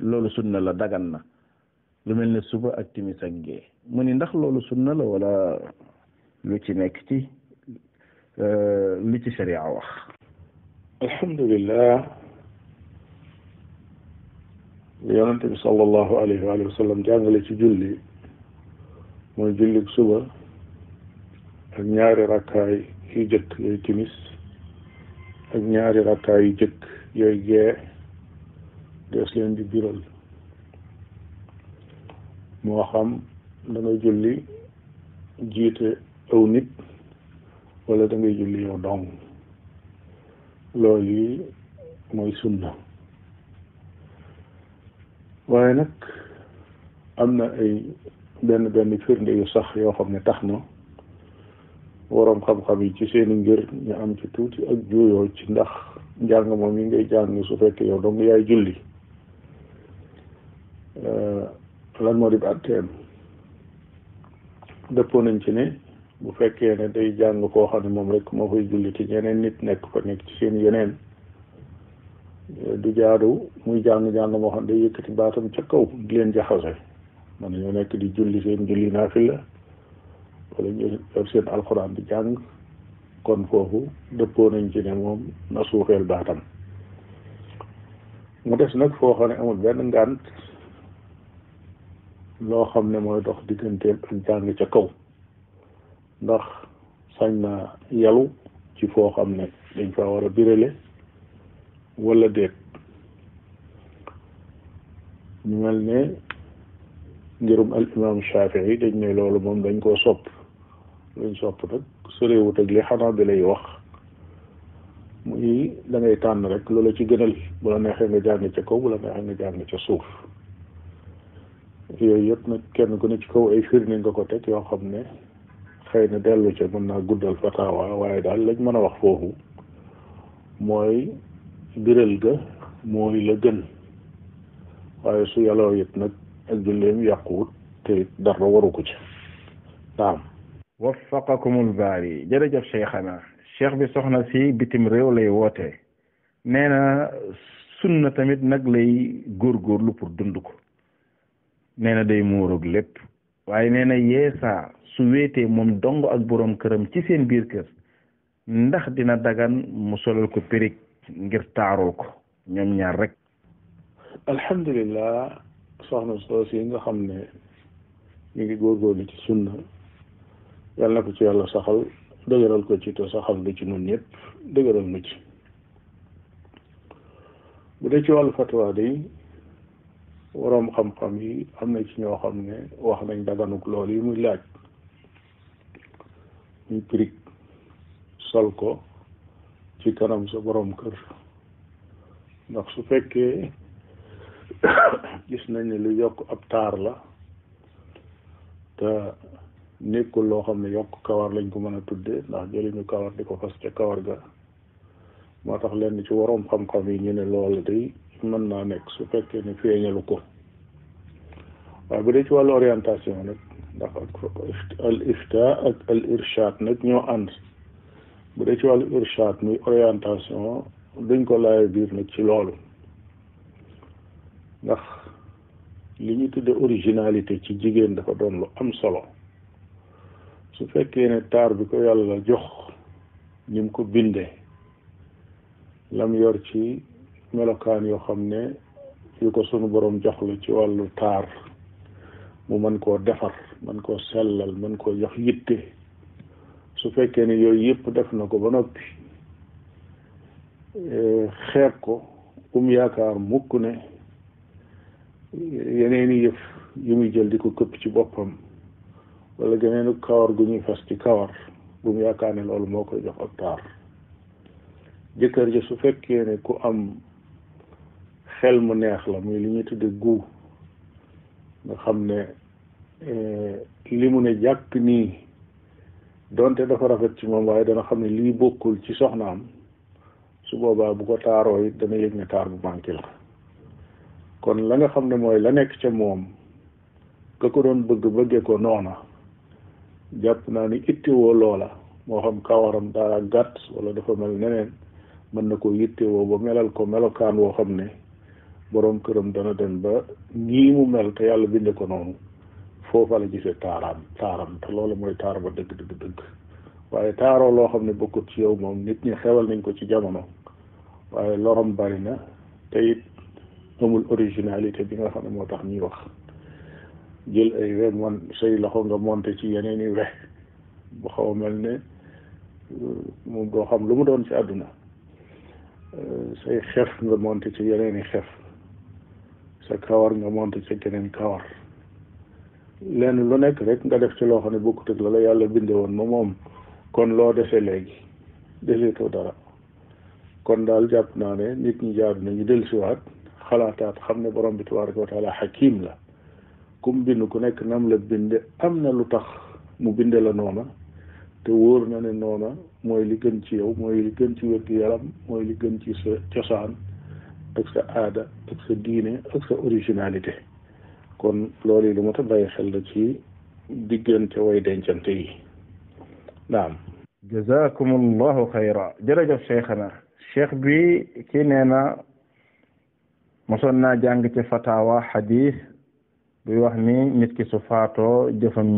loolu sunna la dagan na lu mel ne suba ak timis ak gée mu ni ndax loolu sunna la wala lu ci nekk ci euh, li ci sharia wax alhamdulillah yonente bi sallallahu alayhi wa sallam jàngale ci julli mooy jullik suba ak ñaari rakkaay yu jëkk yooyu timis ak ñaari rakkaay yu jëkk yooyu gee dees leen di biral moo xam da julli jiite aw nit wala dangay ngay julli yow dong loolu yi mooy sunna waaye nag am na ay benn benn firnde yu sax yoo xam ne tax na waroom xam-xam yi ci seeni ngir ñu am ci tuuti ak juuyoo ci ndax njàng moom yi ngay jàng su fekkee yow dong yaay julli euh, lan moo di àtteem nañ ci ne bu fekkee ne day jàng koo xam ne moom rek moo koy julli te ñeneen nit nekk fa nekk ci seen yeneen du jaadu muy jàng jàng moo xam ne day yëkkati baatam ca kaw di leen jaxase man nañoo nekk di julli seen julli naafila wala ñu yor seen alxuraan di jàng kon foofu dëppoo nañ ci ne moom na suufeel baatam mu des nag foo xam ne amul benn ngànt loo xam ne mooy dox digganteel ak jàng ca kaw ndax sañ na yalu ci foo xam ne dañ faa war a birale wala déet ñu mel ne ngirum al imam Shafii dañ ne loolu moom dañ koo sopp luñ sopp nag soriwut ak li xanaa bi lay wax muy da ngay tànn rek loola ci gënal bu la neexee nga jàng ca kaw bu la neexee nga jàng ca suuf yooyu yëpp nag kenn ku ne ci kaw ay firnde nga ko teg yoo xam ne xëy na dellu ca mën naa guddal fataawa waaye daal lañ mën a wax foofu mooy biral ga mooy la gën waaye su yaloo it nag ak julleem yàquwut te dara waru ko ci naam waffaqakumul baari jërëjëf cheikhana cheikh bi soxna si bitim réew lay woote nee na sunna tamit nag lay góor góorlu pour dund ko nee na day muuroog lépp waaye nee na yeesaa su wéetee moom dong ak boroom këram ci seen biir kër ndax dina dagan mu solal ko périg ngir taaroo ko ñoom ñaar rek alhamdulillah soxna soos yi nga xam ne ñu ngi góorgóorlu ci sunna yàlla na ko ci yàlla saxal dëgëral ko ci te saxal lu ci noonu ñëpp dëgëral nu ci bu dee ci wàllu fatwa day waroom xam-xam yi am na ci ñoo xam ne wax nañ daganuk lool yi muy laaj muy pirig sol ko ci kanam sa boroom kër ndax su fekkee gis nañ ne lu yokk ab taar la te nekkul loo xam ne yokk kawar lañ ko mën a tuddee ndax jëliñu kawar di ko fas ca kawar ga moo tax lenn ci waroom xam-xam yi ñu ne loolu de mën naa nekk su fekkee ne feeñalu ko waaye bu dee ci wàllu orientation nag ndax al ifta ak al irshad nag ñoo ànd bu dee ci wàllu irshad muy orientation duñ ko laay biir nag ci loolu ndax li ñu tudde originalité ci jigéen dafa doon lu am solo su fekkee ne taar bi ko yàlla jox ni mu ko bindee lam yor ci melokaan yoo xam ne yu ko sunu borom jox la ci wàllu taar mu mën koo defar mën koo sellal mën koo jox yitte su fekkee ne yooyu yëpp def na ko ba noppi eh, xeeb ko um yaakaar mukk ne yeneen i yëf yu muy jël di ko këpp ci boppam wala geneenu kawar gu ñuy fas ci kawar bu mu yaakaar ne loolu moo koy jox ak taar jëkkër ja su fekkee ne ku am xel mu neex la muy li ñuy tudde gu nga xam ne eh, li mu ne jàkk nii doonte dafa rafet ci moom waaye dana xam ne lii bokkul ci soxnaam su boobaa bu ko taaroo it dana yëg ne taar bu manqué la kon la nga xam ne mooy la nekk ca moom ka ko doon bëgg bëgge ko noona jàpp naa ni ittewoo loola moo xam kawaram daa gàtt wala dafa mel neneen mën na ko yittewoo ba melal ko melokaan woo xam ne boroom këram dana dem ba nii mu mel te yàlla binde ko noonu foofa la gisee taaraam taaram te loolu mooy taar ba dëgg dëgg dëgg waaye taaroo loo xam ne bokkut ci yow moom nit ñi xewal nañ ko ci jamono waaye lorom bari na te it amul originalité bi nga xam ne moo tax ñuy wax jël ay we mon say loxo nga monté ci yeneen i we bu xaw a mel ne euh, moom doo xam lu mu doon ci àdduna euh, say xef nga monté ci yeneen i xef sa kawar nga monté ci keneen kawar lenn lu nekk rek nga def ci loo xam ne bokkut ak la la yàlla bindee woon ma moom kon loo dese léegi deseetoo dara kon daal jàpp naa ne nit ñi jaar nañu dellusiwaat xalaataat xam ne borom bi tabaraka wa taala xakim la kum bind ku nekk nam la binde am na lu tax mu binde la noona te wóor na ne noona mooy li gën ci yow mooy li gën ci wérgu yaram mooy li gën ci sa cosaan ak sa aada ak sa diine ak sa originalité kon loolu yi lu mat a bàyyi xel la ci diggante way dencante yi naam jazakum allahu xayra jërëjëf cheikhana cheikh bi kii nee mosoon naa jàng ci fatawa xadiis buy wax ni nit ki su faatoo jëfam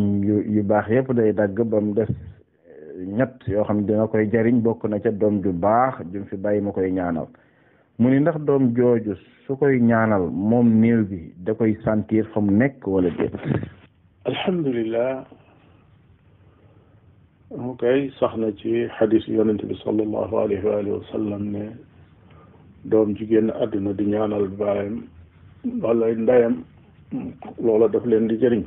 yu baax yëpp day dagg ba mu des eh, ñett yoo xam ne dina koy jariñ bokk na ca doom ju baax jum fi bàyyi ma koy ñaanal mu ni ndax doom jooju su koy ñaanal moom néew bi da koy sentir fa mu nekk wala déet alhamdulilah mu koy sax na ci xadiis yonente bi sallallahu alayhi wa alihi doom jigéen génn àdduna di ñaanal baayam walla ndeyam loola daf leen di jëriñ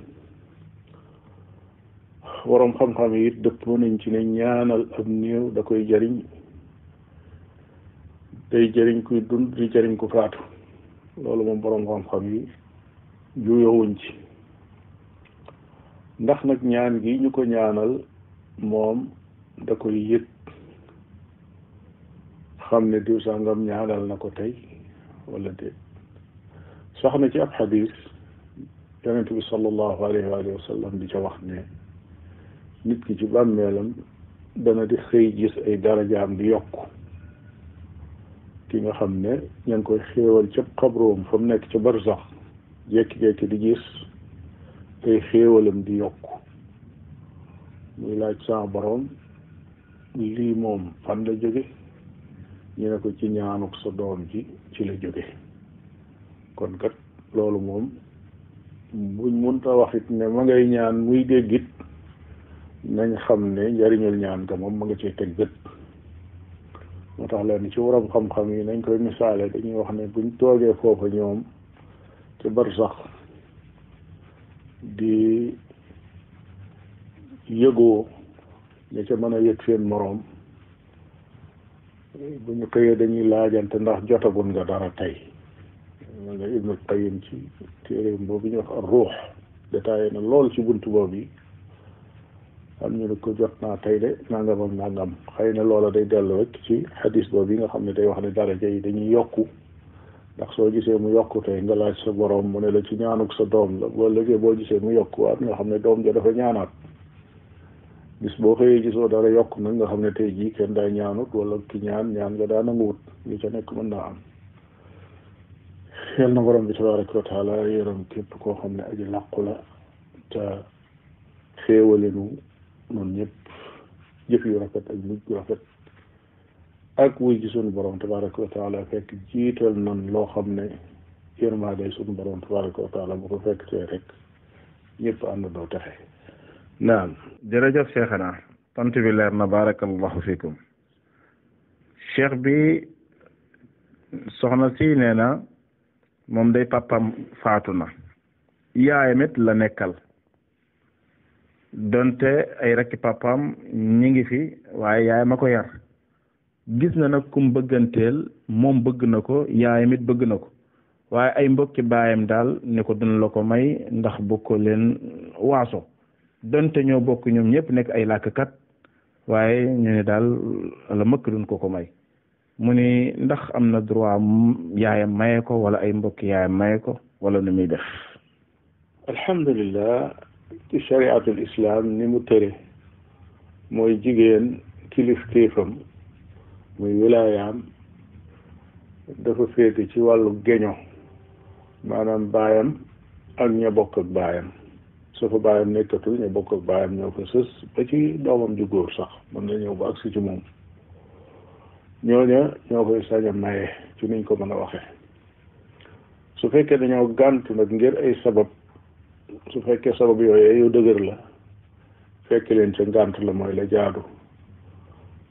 waroom xam-xam yi it nañ ci ne ñaanal ab néew da koy jëriñ day jëriñ kuy dund di jëriñ ku faatu loolu moom boroom xam-xam yi juyowuñ ci ndax nag ñaan gi ñu ko ñaanal moom da koy yëg xam ne diw sàngam ñaanal na ko tey wala déet sax na ci ab xadis yonent bi sallallahu alayhi wa sallam di ca wax ne nit ki ci bàmmeelam dana di xëy gis ay darajaam di yokk ki nga xam ne ña koy xéewal ca xabroom fa mu nekk ca barzax jekki-jekki di gis ay xéewalam di yokk muy laaj sa boroom lii moom fan la jóge ñu ne ko ci ñaanu sa doom ji ci la jóge kon kat loolu moom buñ munta wax it ne ma ngay ñaan muy dégg it nañ xam ne njariñul ñaan ka moom mu nga cee teg bët moo tax leen ci waram xam-xam yi nañ koy misaale dañuy wax ne buñ toogee foofa ñoom ci bari sax di yëgoo ña ca mën a yëg seen moroom bu ñu xëyee dañuy laajante ndax jotagun nga dara tey ma nga Ibnu Qayyim ci téeréem boobu ñu wax ak ruux détaillé na lool ci buntu boobu yi am ñu ne ko jot naa tey de nangam ak nangam xëy na loola day dellu rek ci xadis boobu yi nga xam ne day wax ne daraja yi dañuy yokku ndax soo gisee mu yokku tey nga laaj sa borom mu ne la ci ñaanuk sa doom la boo léegi boo gisee mu yokk waat nga xam ne doom ja dafa ñaanaat bis boo xëyee gisoo dara yokk nag nga xam ne tey jii kenn daa ñaanut wala ki ñaan ñaan nga daa nanguwut li ca nekk mën naa am yal na borom bi tabaraka wa taala yaram képp koo xam ne aji làqu la te xéewalinu noonu ñëpp jëf yu rafet ak mujj yu rafet ak wuy ci borom tabaraka wa taala fekk jiital nan loo xam ne yërmaa day sunu borom tabaraka wa bu ko fekk tee rek ñëpp ànd doo texe naam jërëjëf cheikhana tontu bi leer na barakallahu fikum cheikh bi soxna si nee na moom day pappam faatu na yaayam it la nekkal donte ay rakki papam ñi ngi fi waaye yaayam a ko yar gis na nag kum bëgganteel moom bëgg na ko yaayam it bëgg na ko waaye ay mbokki baayam daal ne ko dun la ko may ndax bu ko leen waaso donte ñoo bokk ñoom ñëpp nekk ay làkkat waaye ñu ne daal la mëkk duñ ko ko may mu ni ndax am na droit yaayam maye ko wala ay mbokki yaayam maye ko wala nu muy def alhamdulillah ci chariatul islam ni mu tëre mooy jigéen kilifteefam muy wilaayaam dafa féete ci wàllu geño maanaam baayam ak ña bokk ak baayam su fa bàyyam nekkatul ñu bokk ak bàyyam ñoo koy sës ba ci doomam ju góor sax mën na ñëw ba agsi ci moom ñooña ñoo koy sañ a maye ci nuñ ko mën a waxe su fekkee dañoo gànt nag ngir ay sabab su fekkee sabab yooyu yu dëgër la fekk leen ca ngànt la mooy la jaadu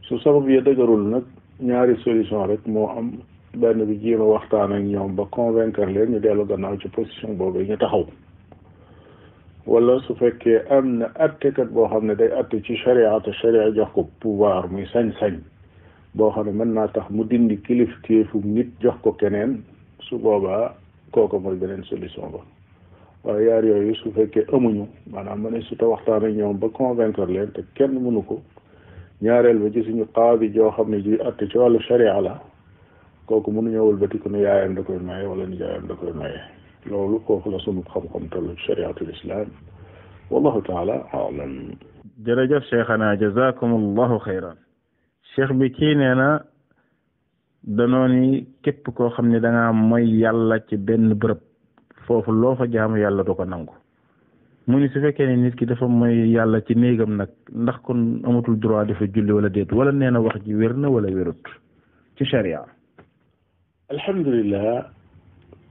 su sabab ya dëgërul nag ñaari solution rek moo am benn bi jéem a waxtaan ak ñoom ba convaincre leen ñu dellu gannaaw ci position boobu ñu taxaw wala su fekkee am na attekat boo xam ne day atte ci charia te charia jox ko pouvoir muy sañ-sañ boo xam ne mën naa tax mu dindi kilifteefu nit jox ko keneen su boobaa kooku mooy beneen solution ba waaye yaar yooyu su fekkee amuñu maanaam ma ne su ta waxtaan ak ñoom ba convaincre leen te kenn mënu ko ñaareel ba ci suñu qaadi joo xam ne ji atte ci wàllu charia la kooku mënuñoo wëlbatiku ne yaayam da koy maye wala nijaayam da koy maye loolu foofu la sunu xam-xam tollu chariatul islam wallahu taala alam jërëjëf cheikhana jazakumullahu xayran cheikh bi kii nee na danoo ni képp koo xam ne danga ngaa mooy yàlla ci benn bërëb foofu loo fa jaamu yàlla du ko nangu mu ni su fekkee ne nit ki dafa mooy yàlla ci néegam nag ndax kon amatul droit dafa julli wala déet wala nee na wax ji wér na wala wérut ci charia alhamdulilah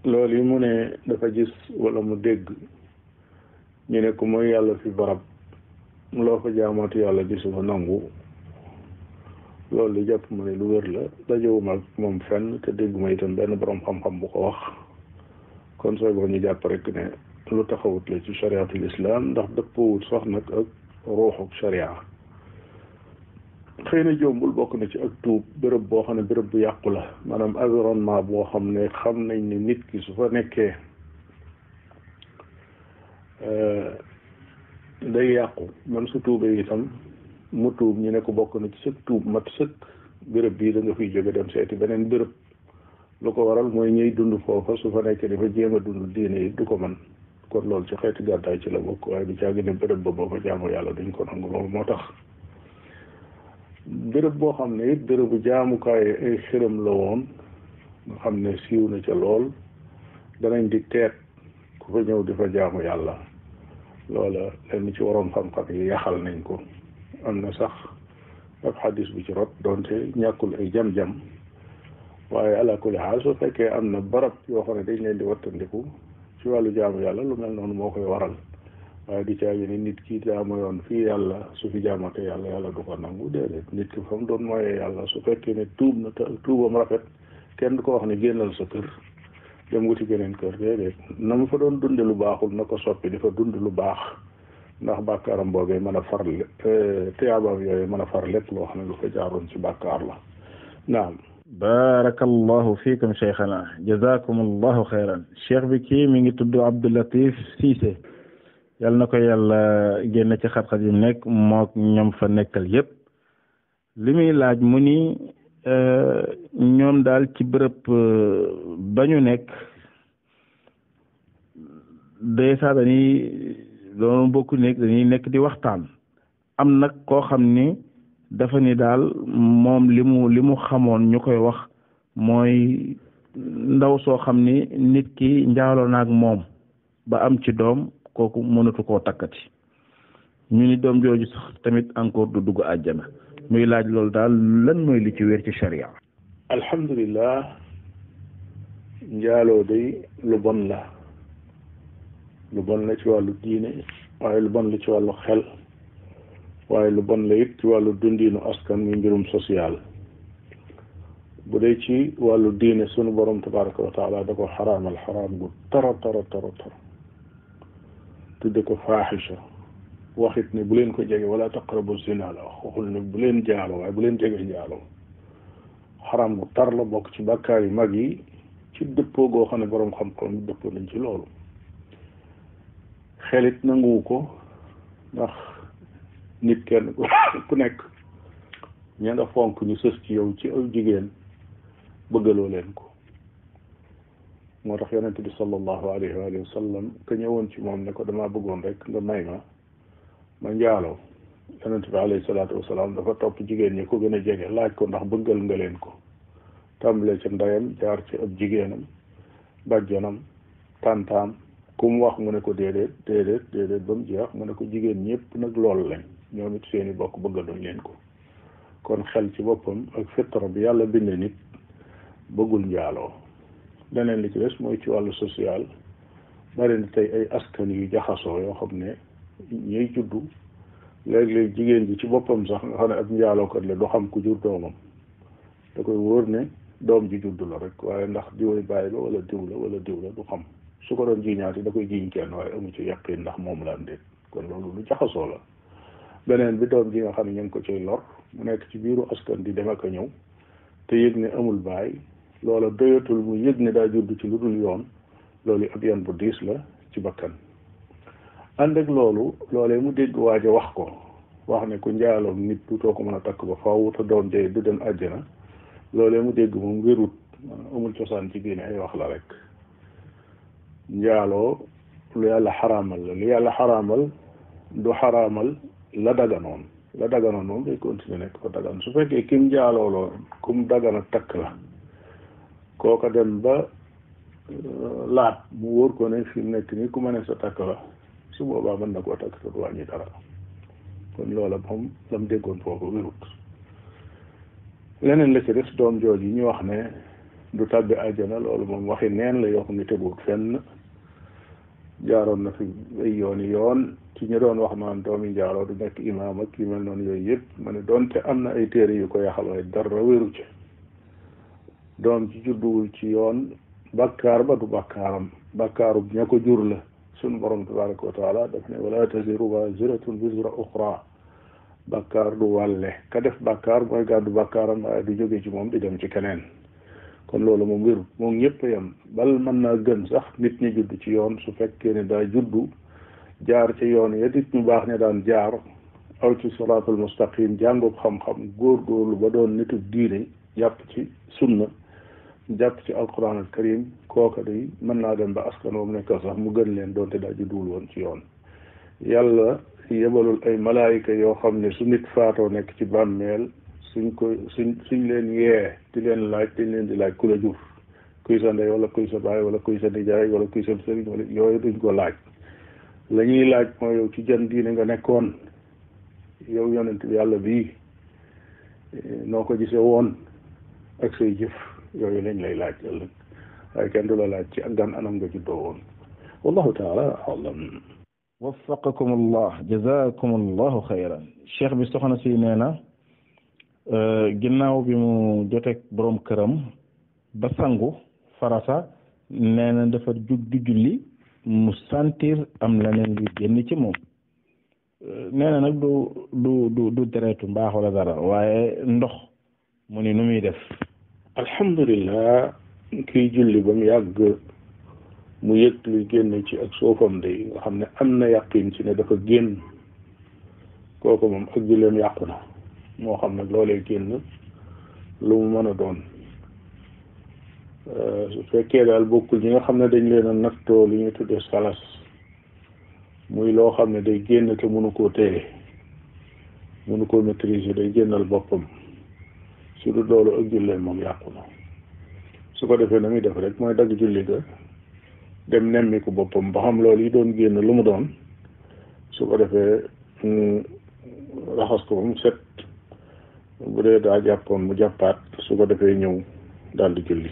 lool yi mu ne dafa gis wala mu dégg ñu ne ku mooy yàlla fi barab loo fa jaamatu yàlla gisu fa nangu loolu li jàpp ma ne lu wér la dajewuma ak moom fenn te dégguma itam benn boroom xam-xam bu ko wax kon sooy boo ñu jàpp rek ne lu taxawut la ci chariatul islam ndax dëppoowut sax nag ak ruuxuk sharia xëy na jombul bokk na ci ak tuub bërëb boo xam ne béréb bu yàqu la maanaam environnement boo xam ne xam nañ ne nit ki su fa nekkee euh, day yàqu man su tuubee itam mu tuub ñu ne ko bokk na ci sëkk tuub mat sëkk béréb bii da nga fiy jóge dem seeti beneen bërëb lu ko waral mooy ñuy dund foofa su fa nekkee dafa jéem a dund diine yi du ko man kon loolu ci xeeti gàddaay ci la bokk waaye du caagi ne béréb ba boo fa jaamu yàlla duñ ko nangu loolu moo tax bërëb boo xam ne it bërëbu jaamukaay ay xërëm la woon nga xam ne siiw na ca lool danañ di teet ku fa ñëw di fa jaamu yàlla loola lenn ci waroon xam-xam yi yaxal nañ ko am na sax ab xadis bu ci rot donte ñàkkul ay jam-jam waaye ala kulli xaal su fekkee am na barab yoo xam ne dañ leen di wattandiku ci wàllu jaamu yàlla lu mel noonu moo koy waral waaye di caagi ni nit ki jaamu yoon fii yàlla su fi jaamatee yàlla yàlla du ko nangu déedéet nit ki fa mu doon mooyee yàlla su fekkee ne tuub na tuubam rafet kenn du ko wax ne génnal sa kër dem wuti beneen kër déedéet na mu fa doon dunde lu baaxul na ko soppi di fa dund lu baax ndax bàkkaaram boobee mën a far eh, tiyaabaam yooyu mën a far lépp loo xam ne lu ko jaaroon ci bàkkaar la naam barakallahu fiikum cheikhana jazakum allahu xayran cheikh bi kii mi ngi tudd Abdoulatif Cissé yàlla na ko yàlla génn ci xat-xat yi nekk mook ñoom fa nekkal yépp li muy laaj mu ni e, ñoom daal ci bërëb e, ba ñu nekk day saa dañuy doon bokk nekk dañuy nekk di waxtaan am nag koo xam ni dafa ni daal moom li mu li mu xamoon ñu koy wax mooy ndaw soo xam ni nit ki njaaloo naag moom ba am ci doom kooku mënatu koo takkati ñu ni doom jooju sax tamit encore du dugg àjjana muy laaj loolu daal lan mooy li ci wér ci sharia alhamdulilah njaaloo day lu bon la lu bon la ci wàllu diine waaye lu bon la ci wàllu xel waaye lu bon la ci wàllu dundiinu askan muy mbirum social bu de ci wàllu diine sunu borom tabaraka wa taala da ko xaraamal xaraam gu toro tara tara tudde ko faaxisha waxit ne bu leen ko jege wala taqrabu zina la wax ne bu leen jaaloo waaye bu leen jege njaaloo xaram bu tar la bokk ci bàkkaar yu mag yi ci dëppoo goo xam ne boroom xam-xam dëppoo nañ ci loolu xelit nanguwu ko ndax nit kenn ku nekk ña nga fonk ñu sës ci yow ci aw jigéen bëggaloo leen ko moo tax yonent bi sallallahu alayhi wa alihi wa sallam ke ñëwoon ci moom ne ko damaa bëggoon rek nga may ma ma njaaloo yonent bi alayhi salaatu wasalaam dafa topp jigéen ñi ko gën a jege laaj ko ndax bëggal nga leen ko tàmbalee ci ndeyam jaar ci ab jigéenam bàjjanam tàntaam ku mu wax mu ne ko déedéet déedéet déedéet ba mu jeex mu ne ko jigéen ñëpp nag lool lañ ñoom it seeni bokk bëggaluñ leen ko kon xel ci boppam ak fitra bi yàlla bind nit bëggul njaaloo leneen li ci mooy ci wàllu social bari na ay askan yu jaxasoo yoo xam ne ñuy juddu léeg jigéen ji ci boppam sax nga xam ne ab njaalookat la du ku jur doomam da koy wóor ne doom ji juddu la rek waaye ndax diwoy bàyyi la wala diw la wala diw la du xam su ko doon jiiñaati da koy jiiñ kenn waaye amu ci yàqin ndax moom la kon loolu lu jaxasoo la beneen bi doom ji nga xam ne ñu ngi ko ci lor mu nekk ci biiru askan di dem ak ñëw te yëg ne amul baay loola doyatul mu yëg ne daa judd ci lu dul yoon loolu ab yoon bu diis la ci bakkan ànd ak loolu loolee mu dégg waaja wax ko wax ne ku njaaloom nit du too ko mën a takk ba faaw te doom jay du dem àjjana loolee mu dégg moom wérut amul cosaan ci diine ay wax la rek njaaloo lu yàlla xaraamal la lu yàlla xaraamal du xaraamal la daganoon la daganoon moom day continuer nekk ko dagan su fekkee kim njaaloo loo kum dagana takk la kooka dem ba euh, laat mu wóor ko ne fi nekk nii ku ma ne sa takk la su boobaa mën na koo takk te du wàññi dara kon loola moom la mu déggoon foofu wérut leneen la ci des doom jooj yi ñu wax ne du tàbbi àjjana loolu moom waxi neen la yoo xam ne teguut fenn jaaroon na fi yoon yooni yoon ci ñu doon wax naan doomi njaaroo du nekk imaam ak yu mel noonu yooyu yëpp ma ne doonte am na ay téere yu ko yaxal waaye dara wéru ci doom ci judduwul ci yoon bakkaar ba du bakkaaram bakkaarub ña ko jur la sunu borom tabaraka wa taala daf ne wala taziru waziratun wizra uxra bakkaar du wàlle ka def bakkaar mooy gàddu bakkaaram waaye du jóge ci moom di dem ci keneen kon loolu moom wér moom ñëpp yam bal mën naa gën sax nit ñi judd ci yoon su fekkee ne daa juddu jaar ci yoon ya nit baax ne daan jaar aw ci siraatul mustaqim jàngub xam-xam góorlu ba doon nitu diine jàpp ci sunna jàpp ci alquran al karim kooka day mën naa dem ba askan woom nekk sax mu gën leen doonte daa ji duul woon ci yoon yàlla yebalul ay malaayika yoo xam ne su nit faatoo nekk ci bàmmeel suñ ko suñ suñ leen yee di leen laaj dañ leen di laaj ku la jur kuy sa ndey wala kuy sa baay wala kuy sa nijaay wala kuy sa sëriñ wala yooyu duñ ko laaj la laaj mooy yow ci jan diine nga nekkoon yow yonent yàlla bii eh, noo ko gisee woon ak say jëf yooyu lañ lay laaj ëllëg waaye kenn du la laaj ci ak gan anam nga juddoo woon wallahu taala alam waffaqakum allah jazakum bi soxna si nee na euh, ginnaaw bi mu joteeg boroom këram ba sangu farasa nee na dafa jug di julli mu sentir am leneen lu génn ci moom euh, nee nag du du du du deretu mbaax dara waaye ndox mu ni nu muy def alhamdulilah kiy julli ba mu yàgg mu yëg luy génn ci ak soofam day nga xam ne am na yàqin ci ne dafa génn kooku moom ak julleem yàqu na moo xam ne loolee génn lu mu mën a doon euh, su fekkee daal bokkul ñi nga xam ne dañ leen a nattoo li ñu tuddee salas muy loo xam ne day génn te mënu koo téye mënu koo maîtriser day génnal boppam su du loolu ak julleen moom yàqu su ko defee na muy def rek mooy dagg julli ga dem nemmi ko boppam ba xam lool yi doon génn lu mu doon su ko defee mu raxas ko ba mu set bu dee daa mu jàppaat su ko defee ñëw di julli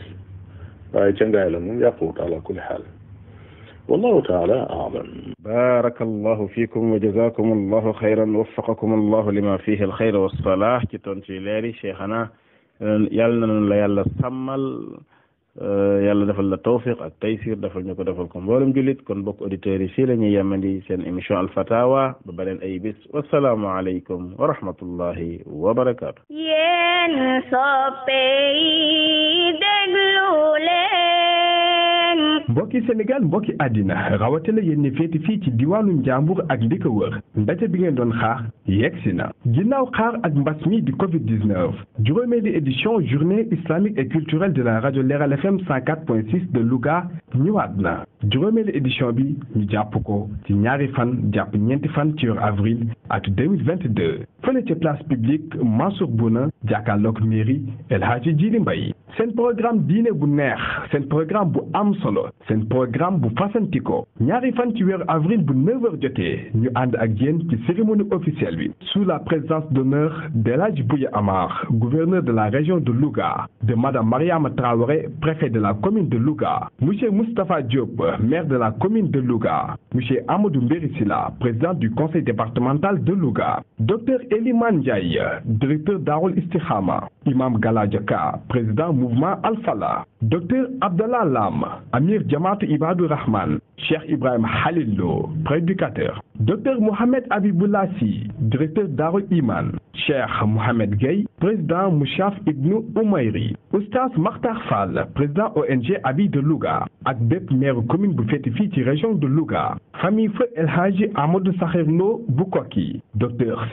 waaye ca la moom yàquwut ala kulli xaal wallahu taala alam baraka allahu fiikum wa jazakum allahu xayran waffaqakum allahu lima fihi alxayr wassalah ci yàlla na la yàlla sàmmal euh, yàlla defal la tawfiq ak taysir defal ñu ko defal ko mboolem jullit kon bokk auditeurs yi fii la ñuy yemandi seen émission Al Fatawa ba beneen ay bis wasalaamu aleykum wa rahmatullahi wa mbokki Sénégal mbokki àddina rawatina yéen ñi féete fii ci diwaanu Njàmbur ak li ko wër ndaje bi ngeen doon xaar si na ginnaaw xaar ak mbas mi di Covid 19 juróomeeli édition journée islamique et culturelle de la rajo Leral FM 104.6 de Louga ñëwaat na juróomeeli édition bi ñu jàpp ko ci ñaari fan jàpp ñeenti fan ci yor avril at 2022 fële ca place publique Mansour Bouna jàkkaarloog mairie El Hadji Djili Mbaye seen programme diine bu neex seen programme bu am solo seen programme bu fasantikoo ñaari fan ci weeru avril bu 9h jotee ñu ànd ak yéen ci cérémonie officielle bi sous la présence d'honneur d'El Hadj Bouya Amar gouverneur de la région de Louga de madame Mariama Traoré préfet de la commune de Louga monsieur Moustapha Diop maire de la commune de Louga monsieur Amadou Mbéri Sila président du conseil départemental de Louga docteur Eliman Ndiaye directeur Darul Istikhama imam Galadia Ka président mouvement Alfala Docteur Abdallah Lam, Amir Jamaat Ibadu Rahman, Cheikh Ibrahim Halillo, prédicateur. Docteur Mohamed Abiboulassi, directeur Daro Iman. Cheikh Mohamed Gueye, président Mouchaf Ibnu Oumairi. Oustaz Makhtar Fall, président ONG Abi de Louga. ak bépp maire commune bu féete fii ci région de Louga. famille feu El Hadji Amadou Sakhir Lo bu Koki. docteur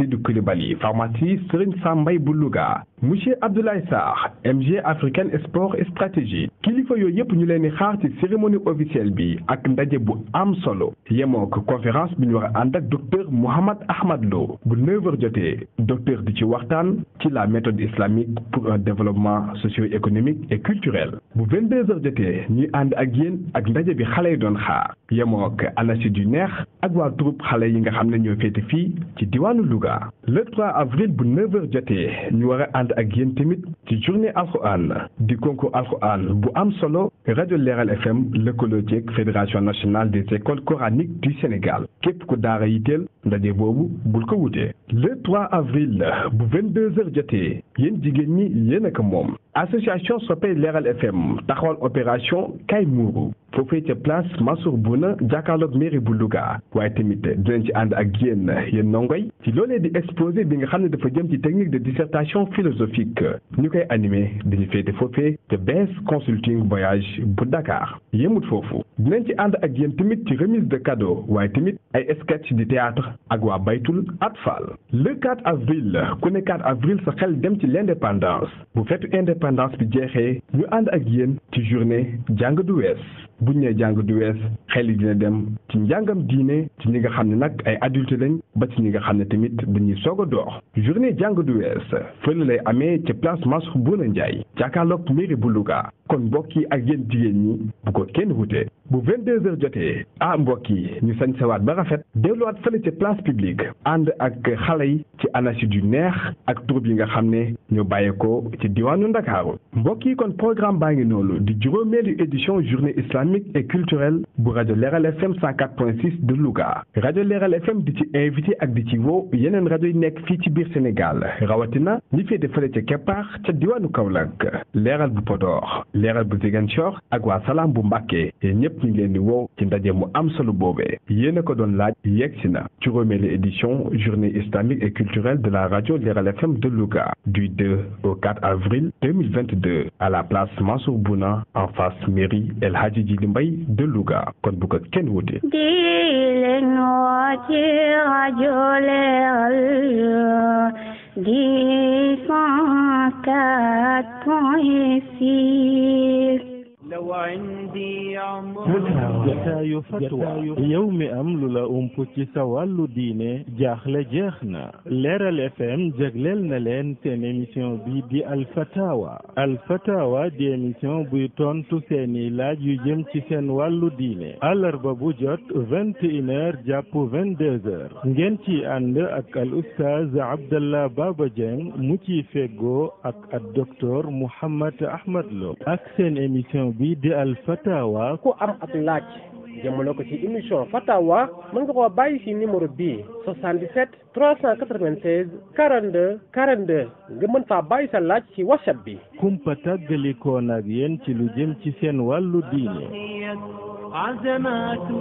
pharmacie Serigne Sambay bu Louga. monsieur Abdoulaye Sarr MG African Sport et Stratégie kilifa yooyu yëpp ñu leen di xaar ci cérémonie officielle bi ak ndaje bu am solo yemoo ko conférence bi ñu war a ànd ak docteur Mouhamad Ahmad Lo bu 9 jotee docteur di ci waxtaan ci la méthode islamique pour un développement socio-économique et culturel bu 22h jotee ñuy ànd ak yéen ak ndaje bi xale yi doon xaar yemoo ko ANACIM yu neex ak waa troupe xale yi nga xam ne ñoo féete fii ci diwaanu Louga le a ak yéen tamit ci journée alxuraan di concours alxuraan bu am solo rajo Leeral FM lëkkaloo ceeg fédération nationale des écoles coraniques du Sénégal képp ko daara yitteel ndaje boobu bul ko wutee le 3 avril bu 22 heures jotee yéen jigéen ñi yéen a ko moom association soppe leeral fm taxawal opération kay muuru foofee ca place bu na jàkkaarloog mairie bu Louga waaye tamit dinañ ci ànd ak yéen yéen ndongoy ci loolee di exposé bi nga xam ne dafa jëm ci technique de dissertation philosophique ñu koy animé dañu féete foofee te bees consulting voyage bu Dakar yemut foofu dinañ ci ànd ak yéen tamit ci remise de cadeau waaye tamit ay sketch di théâtre ak waa baytul atfal le 4 avril ku ne 4 avril sa xel dem ci l'indépendance bu fetu indépendance bi jeexee ñu ànd ak yéen ci journée jàng du wees buñ nee jàng du wees xel yi dina dem ci njàngam diine ci ñi nga xam ne nag ay adulte lañ ba ci ñi nga xam ne tamit dañuy soog a door journée jàng du wees fële lay amee ca place Mansour Bouna Ndiaye jàkkaarloog mairie bu Louga kon mbokk yi ak yéen jigéen ñi bu ko kenn wute bu 22 jotee ah mbokk yi ñu sañ sawaat ba rafet delluwaat fële ca place publique ànd ak xale yi ci anachid yu neex ak troupe yi nga xam ne ñu ko ci diwaanu ndakaaru mbokk yi kon programme baa ngi noonu di juróomeelu édition journée islamique et culturel bu rajo Leral FM 104.6 de Louga rajo Leral FM di ci invité ak di ci woo yeneen rajo yi nekk fii ci biir Sénégal rawatina ñi féete fële ca Keppaar ca diwaanu Kaolack leeral bu Podor leeral bu Ziguinchor ak waa Salam bu Mbàkke ñëpp ñëpp ñu ngi leen di wow ci ndaje mu am solo boobee yéen a ko doon laaj yegsi na juróomeelu édition journée et culturelle de la radio Leral FM de Louga du au avril à la place Mansour Bouna en face mairie El Hadji Djily de Louga kon bu ko kenn di leen woo rajo Leral di cent quatre point six لو yow mi am lu la ump ci sa wàllu diine jaaxle jeex na leeral fm jagleel na leen seen émission bi di alfatawa alfatawa di émission buy tontu seeni laaj yu jëm ci seen wàllu diine àllarba bu jot vingt et une heures jàpp ngeen ci ànd ak al oustaz abdallah baba dieng mu ci feggoo ak ak docteur mouhammad ahmad lo ak seen émission bii al fatawa ku am ak laaj jëmale ko ci émission fatawa mën nga koo bàyyi ci numéro bii 77 396 42 42 nga mën faa bàyyi sa laaj ci whatsapp bi kumpa tàggalikoon ak yéen ci lu jëm ci seen wàllu diine azamatu